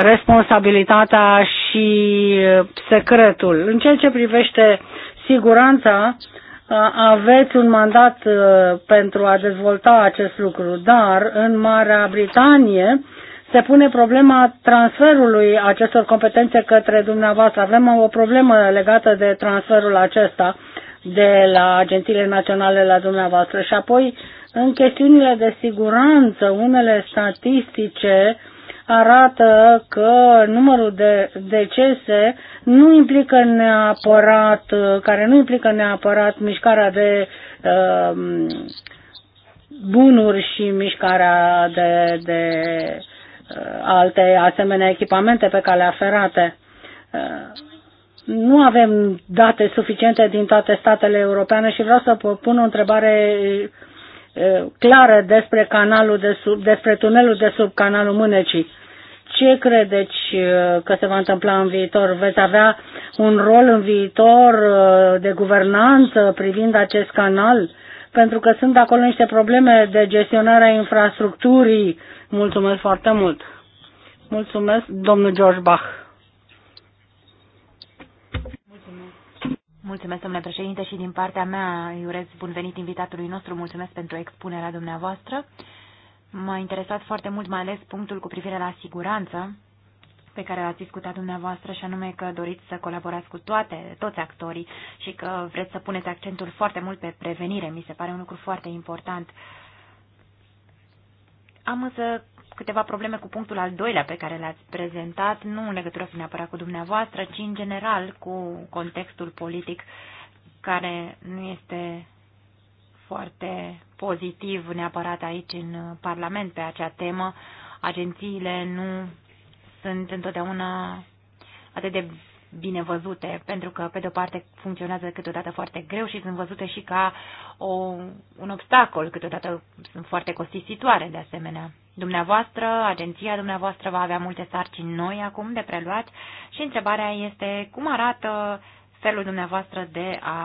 responsabilitatea și uh, secretul. În ceea ce privește siguranța, aveți un mandat pentru a dezvolta acest lucru, dar în Marea Britanie se pune problema transferului acestor competențe către dumneavoastră. Avem o problemă legată de transferul acesta de la agențiile naționale la dumneavoastră. Și apoi, în chestiunile de siguranță, unele statistice arată că numărul de decese nu implică neapărat, care nu implică neapărat mișcarea de uh, bunuri și mișcarea de, de Uh, alte asemenea echipamente pe calea ferată. Uh, nu avem date suficiente din toate statele europene și vreau să pun o întrebare uh, clară despre canalul de sub, despre tunelul de sub canalul Mânecii. Ce credeți că se va întâmpla în viitor? Veți avea un rol în viitor de guvernanță privind acest canal? Pentru că sunt acolo niște probleme de gestionare a infrastructurii Mulțumesc foarte mult. Mulțumesc, domnul George Bach. Mulțumesc. Mulțumesc, domnule președinte, și din partea mea îi urez bun venit invitatului nostru. Mulțumesc pentru expunerea dumneavoastră. M-a interesat foarte mult, mai ales punctul cu privire la siguranță pe care l-ați discutat dumneavoastră și anume că doriți să colaborați cu toate, toți actorii și că vreți să puneți accentul foarte mult pe prevenire. Mi se pare un lucru foarte important. Uh, am însă câteva probleme cu punctul al doilea pe care l-ați prezentat, nu în legătură cu neapărat cu dumneavoastră, ci în general cu contextul politic care nu este foarte pozitiv neapărat aici în Parlament pe acea temă. Agențiile nu sunt întotdeauna atât de bine văzute, pentru că, pe de-o parte, funcționează câteodată foarte greu și sunt văzute și ca o, un obstacol, câteodată sunt foarte costisitoare, de asemenea. Dumneavoastră, agenția dumneavoastră va avea multe sarcini noi acum de preluat și întrebarea este cum arată felul dumneavoastră de a,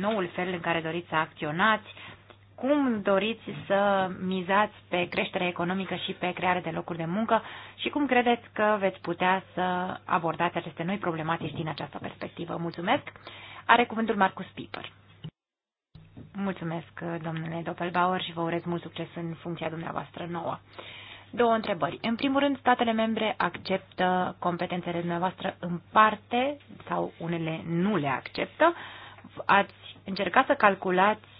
noul fel în care doriți să acționați, cum doriți să mizați pe creșterea economică și pe creare de locuri de muncă și cum credeți că veți putea să abordați aceste noi problematici din această perspectivă. Mulțumesc. Are cuvântul Marcus Piper. Mulțumesc, domnule Doppelbauer, și vă urez mult succes în funcția dumneavoastră nouă. Două întrebări. În primul rând, statele membre acceptă competențele dumneavoastră în parte sau unele nu le acceptă. Ați încercat să calculați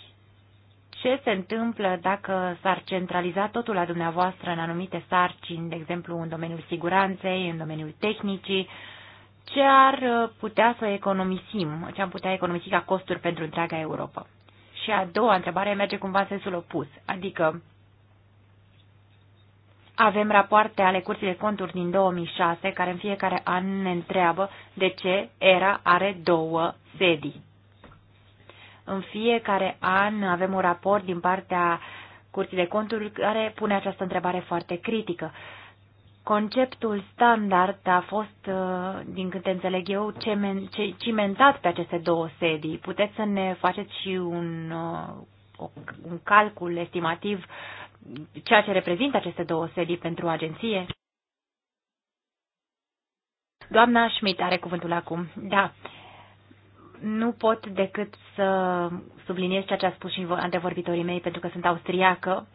ce se întâmplă dacă s-ar centraliza totul la dumneavoastră în anumite sarcini, de exemplu în domeniul siguranței, în domeniul tehnicii, ce ar uh, putea să economisim, ce am putea economisi ca costuri pentru întreaga Europa? Și a doua întrebare merge cumva în sensul opus, adică avem rapoarte ale Curții de Conturi din 2006 care în fiecare an ne întreabă de ce ERA are două sedii. În fiecare an avem un raport din partea Curții de Conturi care pune această întrebare foarte critică. Conceptul standard a fost, uh, din câte înțeleg eu, cimentat pe aceste două sedii. Puteți să ne faceți și un, uh, un calcul estimativ ceea ce reprezintă aceste două sedii pentru agenție? Doamna Schmidt are cuvântul acum. Da, nu pot decât să subliniez ceea ce a spus și antevorbitorii mei, pentru că sunt austriacă.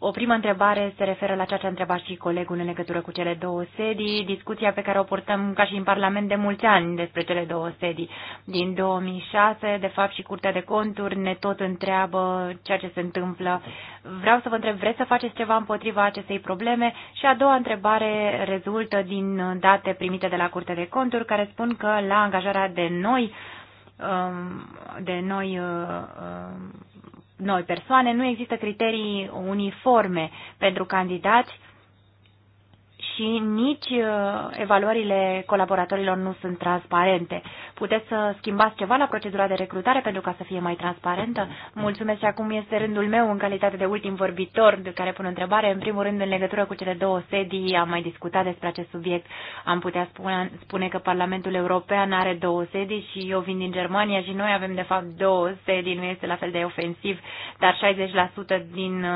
O primă întrebare se referă la ceea ce a întrebat și colegul în legătură cu cele două sedii, discuția pe care o purtăm ca și în Parlament de mulți ani despre cele două sedii. Din 2006, de fapt, și Curtea de Conturi ne tot întreabă ceea ce se întâmplă. Vreau să vă întreb, vreți să faceți ceva împotriva acestei probleme? Și a doua întrebare rezultă din date primite de la Curtea de Conturi, care spun că la angajarea de noi Um, de noi, uh, um, noi persoane, nu există criterii uniforme pentru candidați și nici uh, evaluările colaboratorilor nu sunt transparente. Puteți să schimbați ceva la procedura de recrutare pentru ca să fie mai transparentă? Mulțumesc și acum este rândul meu în calitate de ultim vorbitor de care pun întrebare. În primul rând, în legătură cu cele două sedii, am mai discutat despre acest subiect. Am putea spune, spune că Parlamentul European are două sedii și eu vin din Germania și noi avem de fapt două sedii, nu este la fel de ofensiv, dar 60% din uh,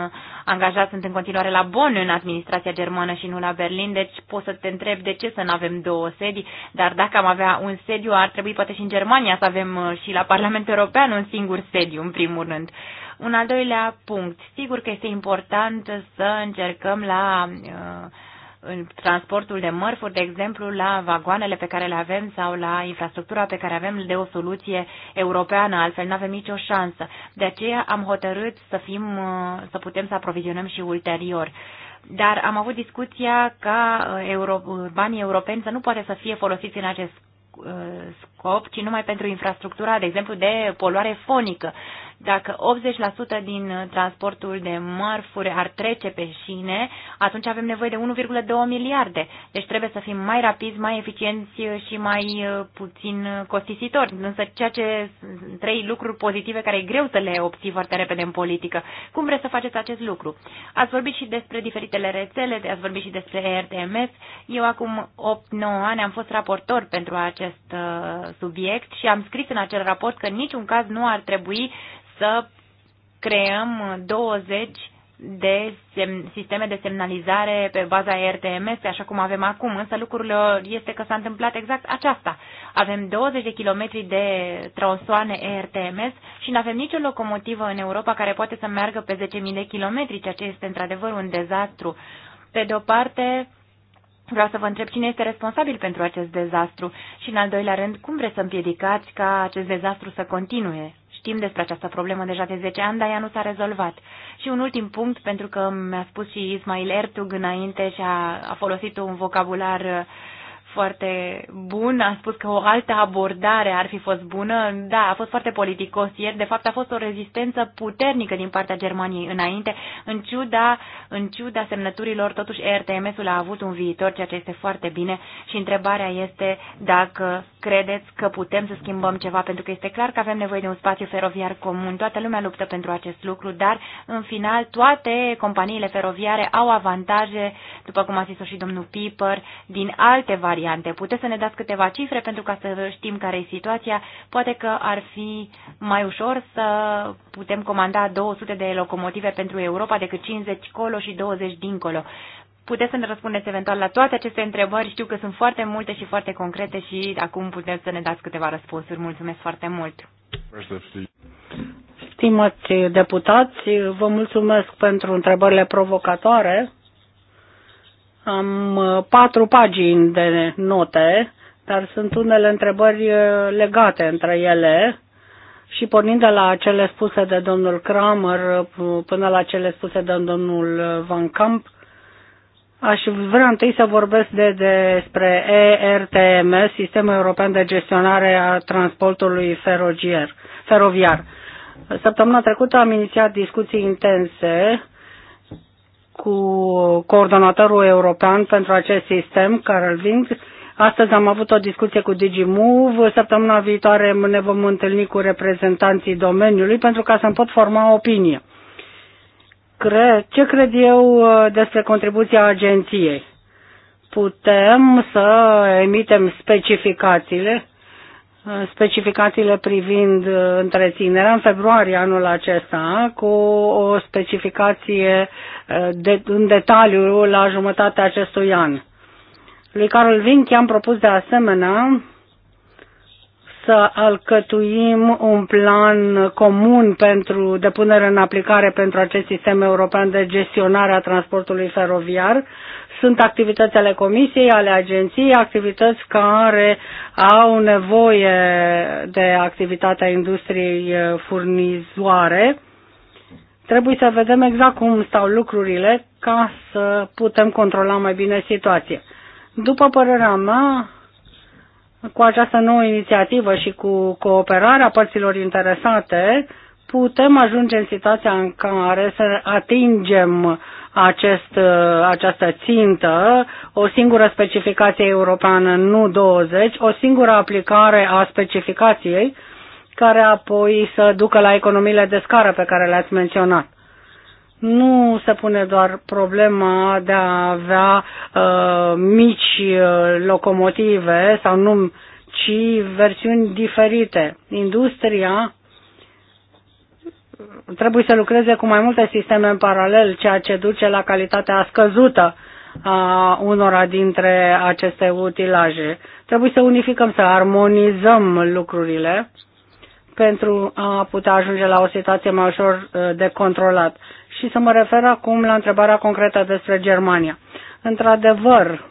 angajați sunt în continuare la Bonn în administrația germană și nu la Berlin oameni, deci poți să te întrebi de ce să nu avem două sedii, dar dacă am avea un sediu, ar trebui poate și în Germania să avem uh, și la Parlamentul European un singur sediu, în primul rând. Un al doilea punct. Sigur că este important să încercăm la uh, în transportul de mărfuri, de exemplu, la vagoanele pe care le avem sau la infrastructura pe care avem de o soluție europeană, altfel nu avem nicio șansă. De aceea am hotărât să, fim, uh, să putem să aprovizionăm și ulterior. Dar am avut discuția ca uh, euro, banii europeni să nu poate să fie folosiți în acest uh, scop, ci numai pentru infrastructura, de exemplu, de poluare fonică. Dacă 80% din uh, transportul de mărfuri ar trece pe șine, atunci avem nevoie de 1,2 miliarde. Deci trebuie să fim mai rapizi, mai eficienți uh, și mai uh, puțin costisitori. Însă ceea ce trei lucruri pozitive care e greu să le obții foarte repede în politică. Cum vreți să faceți acest lucru? Ați vorbit și despre diferitele rețele, ați vorbit și despre RTMS. Eu acum 8-9 ani am fost raportor pentru acest subiect și am scris în acel raport că în niciun caz nu ar trebui să creăm 20 de sisteme de semnalizare pe baza RTMS, așa cum avem acum, însă lucrurile este că s-a întâmplat exact aceasta. Avem 20 de kilometri de tronsoane RTMS și nu avem nicio locomotivă în Europa care poate să meargă pe 10.000 de kilometri, ceea ce este într-adevăr un dezastru. Pe de o parte, Vreau să vă întreb cine este responsabil pentru acest dezastru și, în al doilea rând, cum vreți să împiedicați ca acest dezastru să continue? Știm despre această problemă deja de 10 ani, dar ea nu s-a rezolvat. Și un ultim punct, pentru că mi-a spus și Ismail Ertug înainte și a, a folosit un vocabular uh, foarte bun, a spus că o altă abordare ar fi fost bună. Da, a fost foarte politicos ieri. De fapt, a fost o rezistență puternică din partea Germaniei înainte. În ciuda, în ciuda semnăturilor, totuși rtms ul a avut un viitor, ceea ce este foarte bine și întrebarea este dacă credeți că putem să schimbăm ceva, pentru că este clar că avem nevoie de un spațiu feroviar comun. Toată lumea luptă pentru acest lucru, dar în final toate companiile feroviare au avantaje, după cum a zis-o și domnul Piper, din alte variante variante. Puteți să ne dați câteva cifre pentru ca să știm care e situația? Poate că ar fi mai ușor să putem comanda 200 de locomotive pentru Europa decât 50 colo și 20 dincolo. Puteți să ne răspundeți eventual la toate aceste întrebări. Știu că sunt foarte multe și foarte concrete și acum puteți să ne dați câteva răspunsuri. Mulțumesc foarte mult! Stimați deputați, vă mulțumesc pentru întrebările provocatoare. Am uh, patru pagini de note, dar sunt unele întrebări uh, legate între ele și pornind de la cele spuse de domnul Kramer uh, până la cele spuse de domnul Van Camp, aș vrea întâi să vorbesc de, despre ERTMS, Sistemul European de Gestionare a Transportului ferogier, Feroviar. Săptămâna trecută am inițiat discuții intense cu coordonatorul european pentru acest sistem, Carol Ving. Astăzi am avut o discuție cu DigiMove, săptămâna viitoare ne vom întâlni cu reprezentanții domeniului pentru ca să-mi pot forma o opinie. Cred, ce cred eu uh, despre contribuția agenției? Putem să emitem specificațiile specificațiile privind uh, întreținerea în februarie anul acesta cu o specificație uh, de, în detaliu la jumătatea acestui an. Lui Carol Vinchi am propus de asemenea să alcătuim un plan comun pentru depunere în aplicare pentru acest sistem european de gestionare a transportului feroviar. Sunt activități ale Comisiei, ale agenției, activități care au nevoie de activitatea industriei eh, furnizoare. Trebuie să vedem exact cum stau lucrurile ca să putem controla mai bine situația. După părerea mea, cu această nouă inițiativă și cu cooperarea părților interesate, putem ajunge în situația în care să atingem acest, această țintă, o singură specificație europeană, nu 20, o singură aplicare a specificației, care apoi să ducă la economiile de scară pe care le-ați menționat nu se pune doar problema de a avea uh, mici uh, locomotive sau nu, ci versiuni diferite. Industria trebuie să lucreze cu mai multe sisteme în paralel, ceea ce duce la calitatea scăzută a unora dintre aceste utilaje. Trebuie să unificăm, să armonizăm lucrurile pentru a putea ajunge la o situație mai ușor uh, de controlat și să mă refer acum la întrebarea concretă despre Germania. Într-adevăr,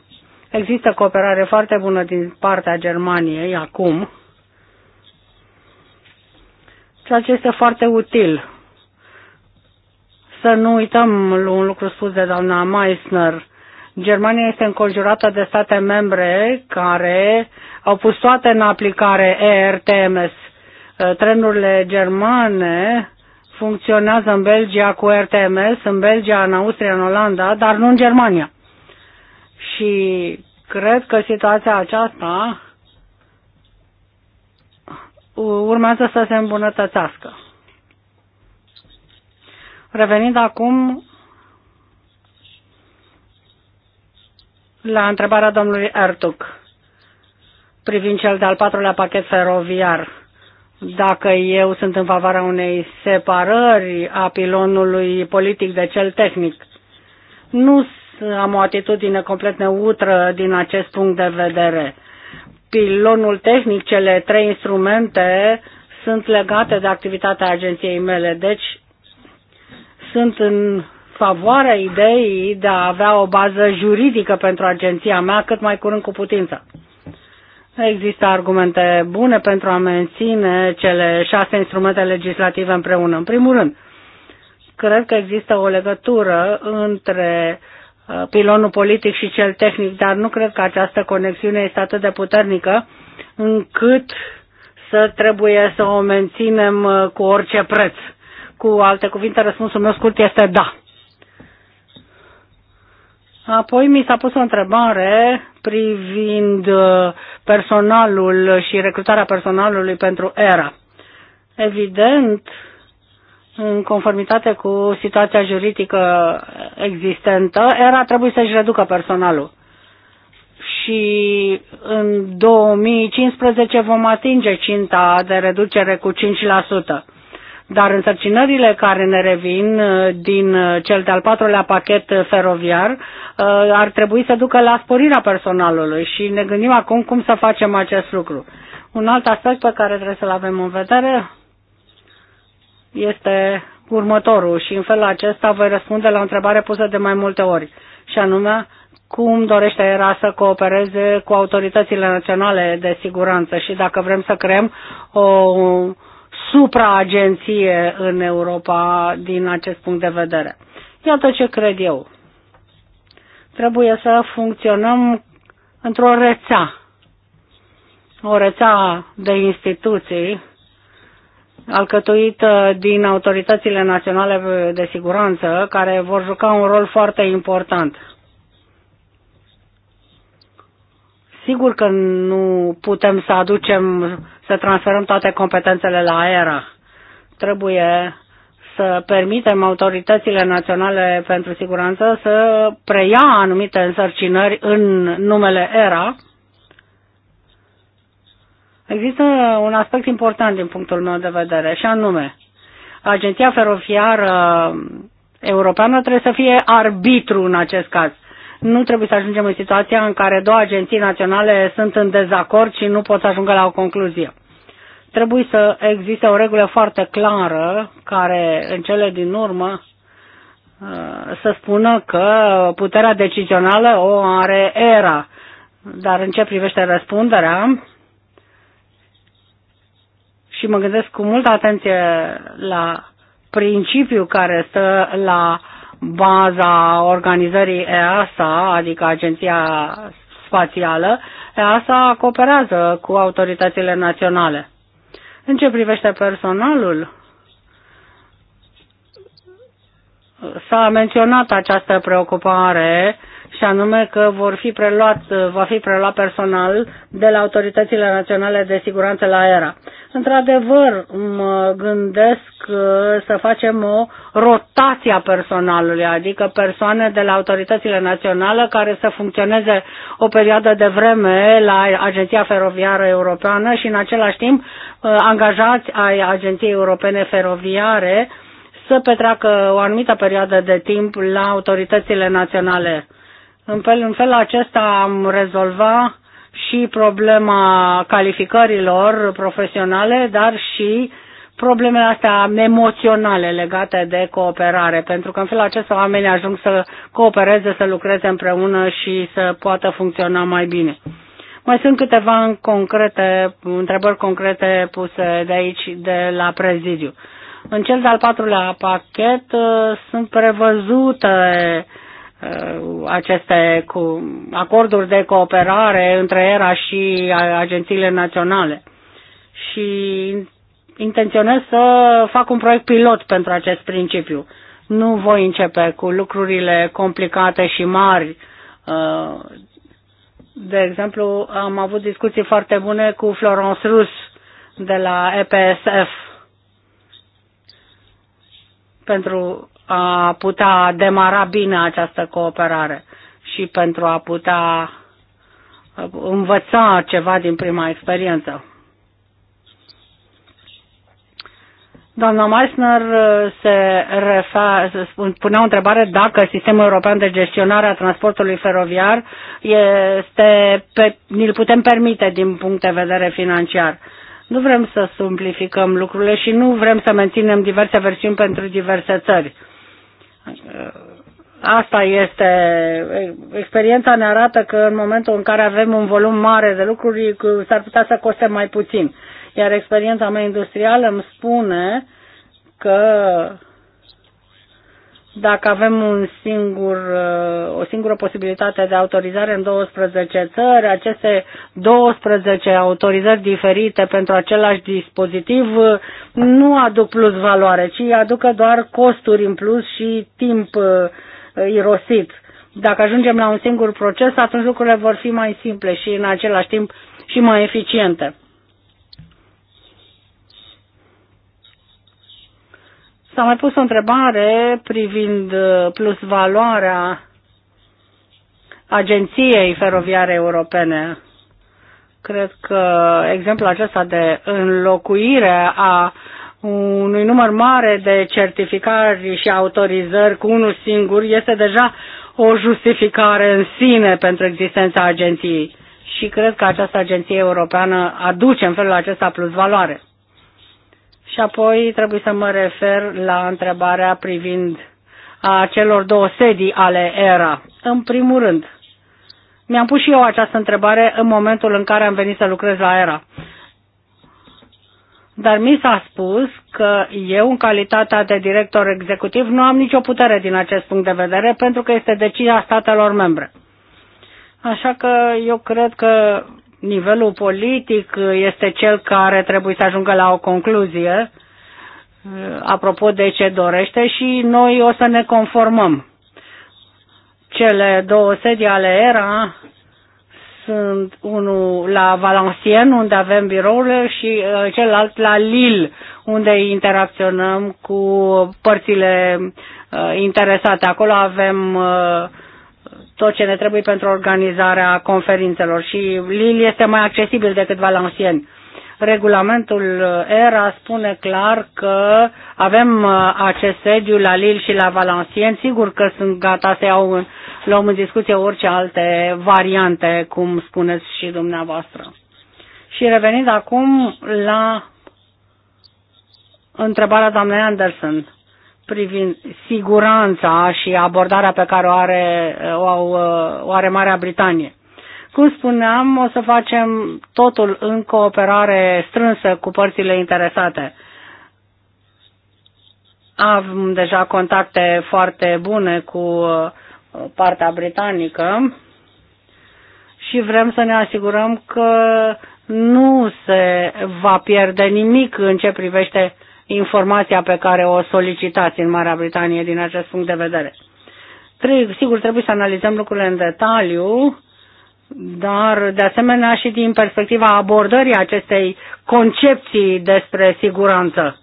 există cooperare foarte bună din partea Germaniei acum, ceea ce este foarte util. Să nu uităm un lucru spus de doamna Meissner, Germania este înconjurată de state membre care au pus toate în aplicare ERTMS. Trenurile germane funcționează în Belgia cu RTMS, în Belgia, în Austria, în Olanda, dar nu în Germania. Și cred că situația aceasta urmează să se îmbunătățească. Revenind acum la întrebarea domnului Ertuc privind cel de-al patrulea pachet feroviar dacă eu sunt în favoarea unei separări a pilonului politic de cel tehnic. Nu am o atitudine complet neutră din acest punct de vedere. Pilonul tehnic, cele trei instrumente, sunt legate de activitatea agenției mele, deci sunt în favoarea ideii de a avea o bază juridică pentru agenția mea cât mai curând cu putință. Există argumente bune pentru a menține cele șase instrumente legislative împreună. În primul rând, cred că există o legătură între uh, pilonul politic și cel tehnic, dar nu cred că această conexiune este atât de puternică încât să trebuie să o menținem uh, cu orice preț. Cu alte cuvinte, răspunsul meu scurt este da. Apoi mi s-a pus o întrebare privind uh, personalul și recrutarea personalului pentru ERA. Evident, în conformitate cu situația juridică existentă, ERA trebuie să-și reducă personalul. Și în 2015 vom atinge cinta de reducere cu 5%. Dar însărcinările care ne revin uh, din uh, cel de-al patrulea pachet feroviar uh, ar trebui să ducă la sporirea personalului și ne gândim acum cum să facem acest lucru. Un alt aspect pe care trebuie să-l avem în vedere este următorul și în felul acesta voi răspunde la o întrebare pusă de mai multe ori și anume cum dorește era să coopereze cu autoritățile naționale de siguranță și dacă vrem să creăm o, supraagenție în Europa din acest punct de vedere. Iată ce cred eu. Trebuie să funcționăm într-o rețea, o rețea de instituții alcătuită din autoritățile naționale de siguranță, care vor juca un rol foarte important. Sigur că nu putem să aducem să transferăm toate competențele la ERA. Trebuie să permitem autoritățile naționale pentru siguranță să preia anumite însărcinări în numele ERA. Există un aspect important din punctul meu de vedere, și anume, Agenția Feroviară Europeană trebuie să fie arbitru în acest caz. Nu trebuie să ajungem în situația în care două agenții naționale sunt în dezacord și nu pot să ajungă la o concluzie. Trebuie să existe o regulă foarte clară care în cele din urmă uh, să spună că puterea decizională o are era, dar în ce privește răspunderea, și mă gândesc cu multă atenție la principiul care stă la baza organizării EASA, adică Agenția Spațială, EASA cooperează cu autoritățile naționale. În ce privește personalul, s-a menționat această preocupare și anume că vor fi preluat, va fi preluat personal de la autoritățile naționale de siguranță la ERA. Într-adevăr, mă gândesc uh, să facem o rotație a personalului, adică persoane de la autoritățile naționale care să funcționeze o perioadă de vreme la Agenția Feroviară Europeană și în același timp uh, angajați ai Agenției Europene Feroviare să petreacă o anumită perioadă de timp la autoritățile naționale. În, fel, în felul acesta am rezolva și problema calificărilor profesionale, dar și problemele astea emoționale legate de cooperare, pentru că în felul acesta oamenii ajung să coopereze, să lucreze împreună și să poată funcționa mai bine. Mai sunt câteva concrete, întrebări concrete puse de aici, de la prezidiu. În cel de-al patrulea pachet uh, sunt prevăzute Uh, aceste cu acorduri de cooperare între ERA și agențiile naționale. Și intenționez să fac un proiect pilot pentru acest principiu. Nu voi începe cu lucrurile complicate și mari. Uh, de exemplu, am avut discuții foarte bune cu Florence Rus de la EPSF pentru a putea demara bine această cooperare și pentru a putea uh, învăța ceva din prima experiență. Doamna Meissner uh, se refa, punea o întrebare dacă sistemul european de gestionare a transportului feroviar este pe, ni-l putem permite din punct de vedere financiar. Nu vrem să simplificăm lucrurile și nu vrem să menținem diverse versiuni pentru diverse țări. Asta este, experiența ne arată că în momentul în care avem un volum mare de lucruri, s-ar putea să coste mai puțin. Iar experiența mea industrială îmi spune că dacă avem un singur, uh, o singură posibilitate de autorizare în 12 țări, aceste 12 autorizări diferite pentru același dispozitiv nu aduc plus valoare, ci aducă doar costuri în plus și timp uh, irosit. Dacă ajungem la un singur proces, atunci lucrurile vor fi mai simple și în același timp și mai eficiente. S-a mai pus o întrebare privind uh, plus valoarea Agenției Feroviare Europene. Cred că exemplul acesta de înlocuire a unui număr mare de certificări și autorizări cu unul singur este deja o justificare în sine pentru existența agenției. Și cred că această agenție europeană aduce în felul acesta plus valoare. Și apoi trebuie să mă refer la întrebarea privind a celor două sedii ale ERA. În primul rând, mi-am pus și eu această întrebare în momentul în care am venit să lucrez la ERA. Dar mi s-a spus că eu, în calitatea de director executiv, nu am nicio putere din acest punct de vedere, pentru că este decizia statelor membre. Așa că eu cred că nivelul politic este cel care trebuie să ajungă la o concluzie uh, apropo de ce dorește și noi o să ne conformăm. Cele două sedii ale ERA sunt unul la Valenciennes, unde avem birourile, și uh, celălalt la Lille, unde interacționăm cu părțile uh, interesate. Acolo avem uh, tot ce ne trebuie pentru organizarea conferințelor și LIL este mai accesibil decât Valenciennes regulamentul uh, ERA spune clar că avem uh, acest sediu la Lille și la Valenciennes. Sigur că sunt gata să iau în, luăm în discuție orice alte variante, cum spuneți și dumneavoastră. Și revenind acum la întrebarea doamnei Anderson privind siguranța și abordarea pe care o are, o, au, o are Marea Britanie. Cum spuneam, o să facem totul în cooperare strânsă cu părțile interesate. Am deja contacte foarte bune cu uh, partea britanică și vrem să ne asigurăm că nu se va pierde nimic în ce privește informația pe care o solicitați în Marea Britanie din acest punct de vedere. Trebuie, sigur, trebuie să analizăm lucrurile în detaliu, dar de asemenea și din perspectiva abordării acestei concepții despre siguranță.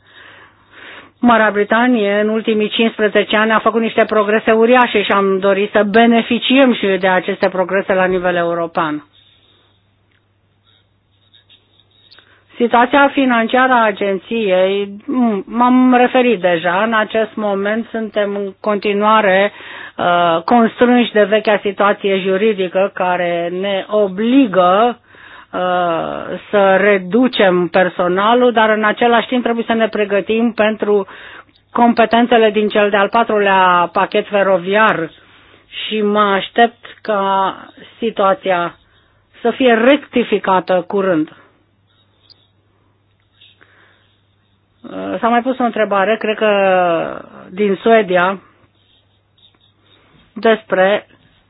Marea Britanie în ultimii 15 ani a făcut niște progrese uriașe și am dorit să beneficiem și de aceste progrese la nivel european. Situația financiară a agenției, m-am referit deja, în acest moment suntem în continuare uh, constrânși de vechea situație juridică care ne obligă uh, să reducem personalul, dar în același timp trebuie să ne pregătim pentru competențele din cel de-al patrulea pachet feroviar și mă aștept ca situația să fie rectificată curând. S-a mai pus o întrebare, cred că din Suedia, despre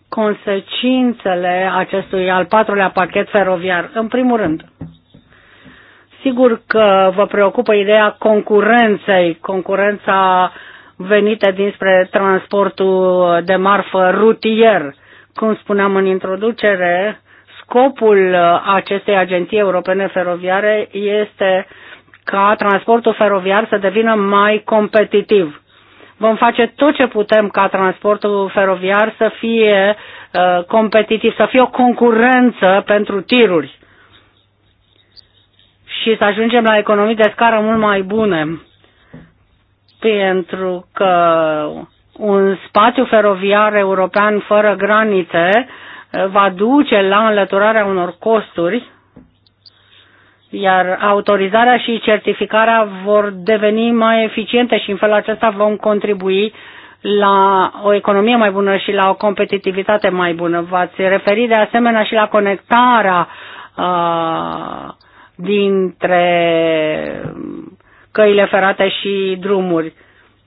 consecințele acestui al patrulea pachet feroviar. În primul rând, sigur că vă preocupă ideea concurenței, concurența venită dinspre transportul de marfă rutier. Cum spuneam în introducere, scopul acestei agenții europene feroviare este ca transportul feroviar să devină mai competitiv. Vom face tot ce putem ca transportul feroviar să fie uh, competitiv, să fie o concurență pentru tiruri și să ajungem la economii de scară mult mai bune. Pentru că un spațiu feroviar european fără granițe uh, va duce la înlăturarea unor costuri iar autorizarea și certificarea vor deveni mai eficiente și în felul acesta vom contribui la o economie mai bună și la o competitivitate mai bună. V-ați referit de asemenea și la conectarea uh, dintre căile ferate și drumuri.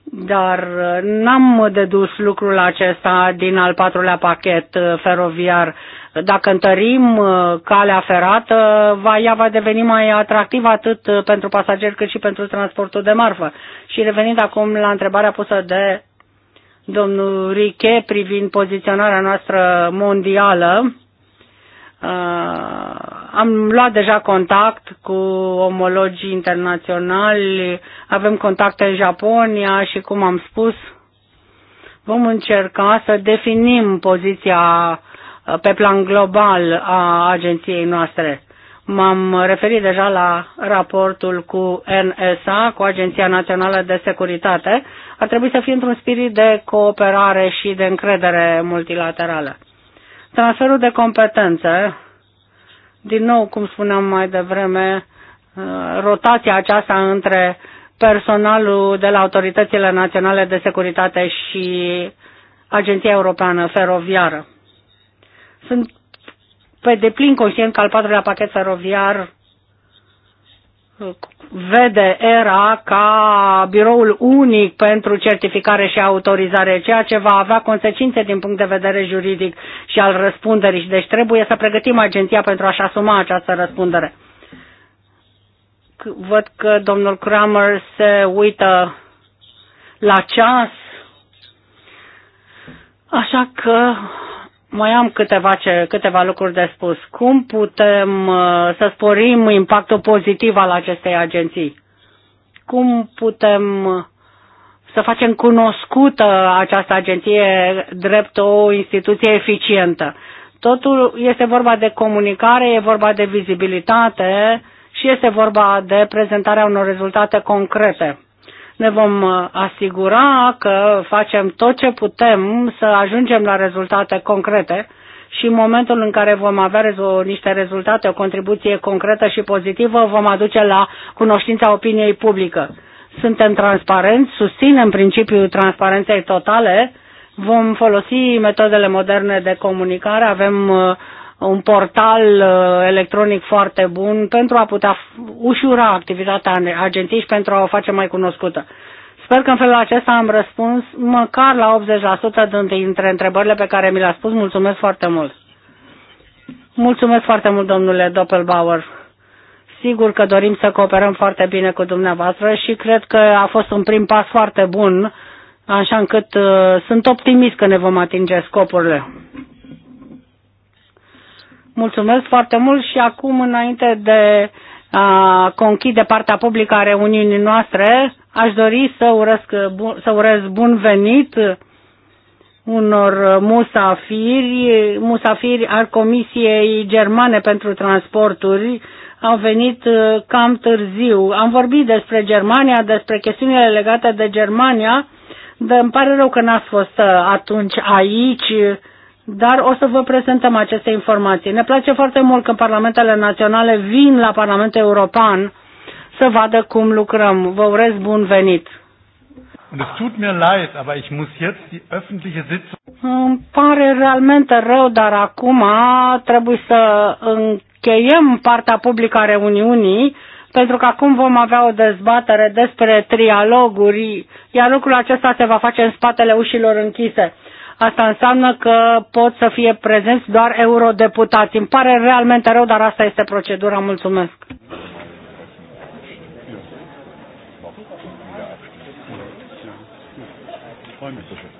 Dar uh, n-am dedus lucrul acesta din al patrulea pachet uh, feroviar dacă întărim uh, calea ferată, va, ea va deveni mai atractivă atât uh, pentru pasageri cât și pentru transportul de marfă. Și revenind acum la întrebarea pusă de domnul Riche privind poziționarea noastră mondială, Uh, am luat deja contact cu omologii internaționali, avem contacte în Japonia și, cum am spus, vom încerca să definim poziția Uh, pe plan global a agenției noastre. M-am referit deja la raportul cu NSA, cu Agenția Națională de Securitate. Ar trebui să fie într-un spirit de cooperare și de încredere multilaterală. Transferul de competențe, din nou, cum spuneam mai devreme, uh, rotația aceasta între personalul de la autoritățile naționale de securitate și Agenția Europeană Feroviară. Sunt pe deplin conștient că al patrulea pachet feroviar uh, vede era ca biroul unic pentru certificare și autorizare, ceea ce va avea consecințe din punct de vedere juridic și al răspunderii. deci trebuie să pregătim agenția pentru a-și asuma această răspundere. Văd că domnul Kramer se uită la ceas, așa că mai am câteva, ce, câteva lucruri de spus. Cum putem uh, să sporim impactul pozitiv al acestei agenții? Cum putem uh, să facem cunoscută această agenție drept o instituție eficientă? Totul este vorba de comunicare, e vorba de vizibilitate și este vorba de prezentarea unor rezultate concrete ne vom uh, asigura că facem tot ce putem să ajungem la rezultate concrete și în momentul în care vom avea niște rezultate, o contribuție concretă și pozitivă, vom aduce la cunoștința opiniei publică. Suntem transparenți, susținem principiul transparenței totale, vom folosi metodele moderne de comunicare, avem uh, un portal uh, electronic foarte bun pentru a putea ușura activitatea agenției și pentru a o face mai cunoscută. Sper că în felul acesta am răspuns măcar la 80% dintre întrebările pe care mi le-a spus. Mulțumesc foarte mult! Mulțumesc foarte mult, domnule Doppelbauer! Sigur că dorim să cooperăm foarte bine cu dumneavoastră și cred că a fost un prim pas foarte bun, așa încât uh, sunt optimist că ne vom atinge scopurile. Mulțumesc foarte mult și acum, înainte de a conchide partea publică a reuniunii noastre, aș dori să, urez, să urez bun venit unor musafiri, musafiri al Comisiei Germane pentru Transporturi, au venit uh, cam târziu. Am vorbit despre Germania, despre chestiunile legate de Germania, dar îmi pare rău că n-ați fost uh, atunci aici dar o să vă prezentăm aceste informații. Ne place foarte mult când parlamentele naționale vin la Parlamentul European să vadă cum lucrăm. Vă urez bun venit! Îmi pare realmente rău, dar acum trebuie să încheiem partea publică a reuniunii, pentru că acum vom avea o dezbatere despre trialoguri, iar lucrul acesta se va face în spatele ușilor închise. Asta înseamnă că pot să fie prezenți doar eurodeputați. Îmi pare realmente rău, dar asta este procedura. Mulțumesc. freue mich so schön.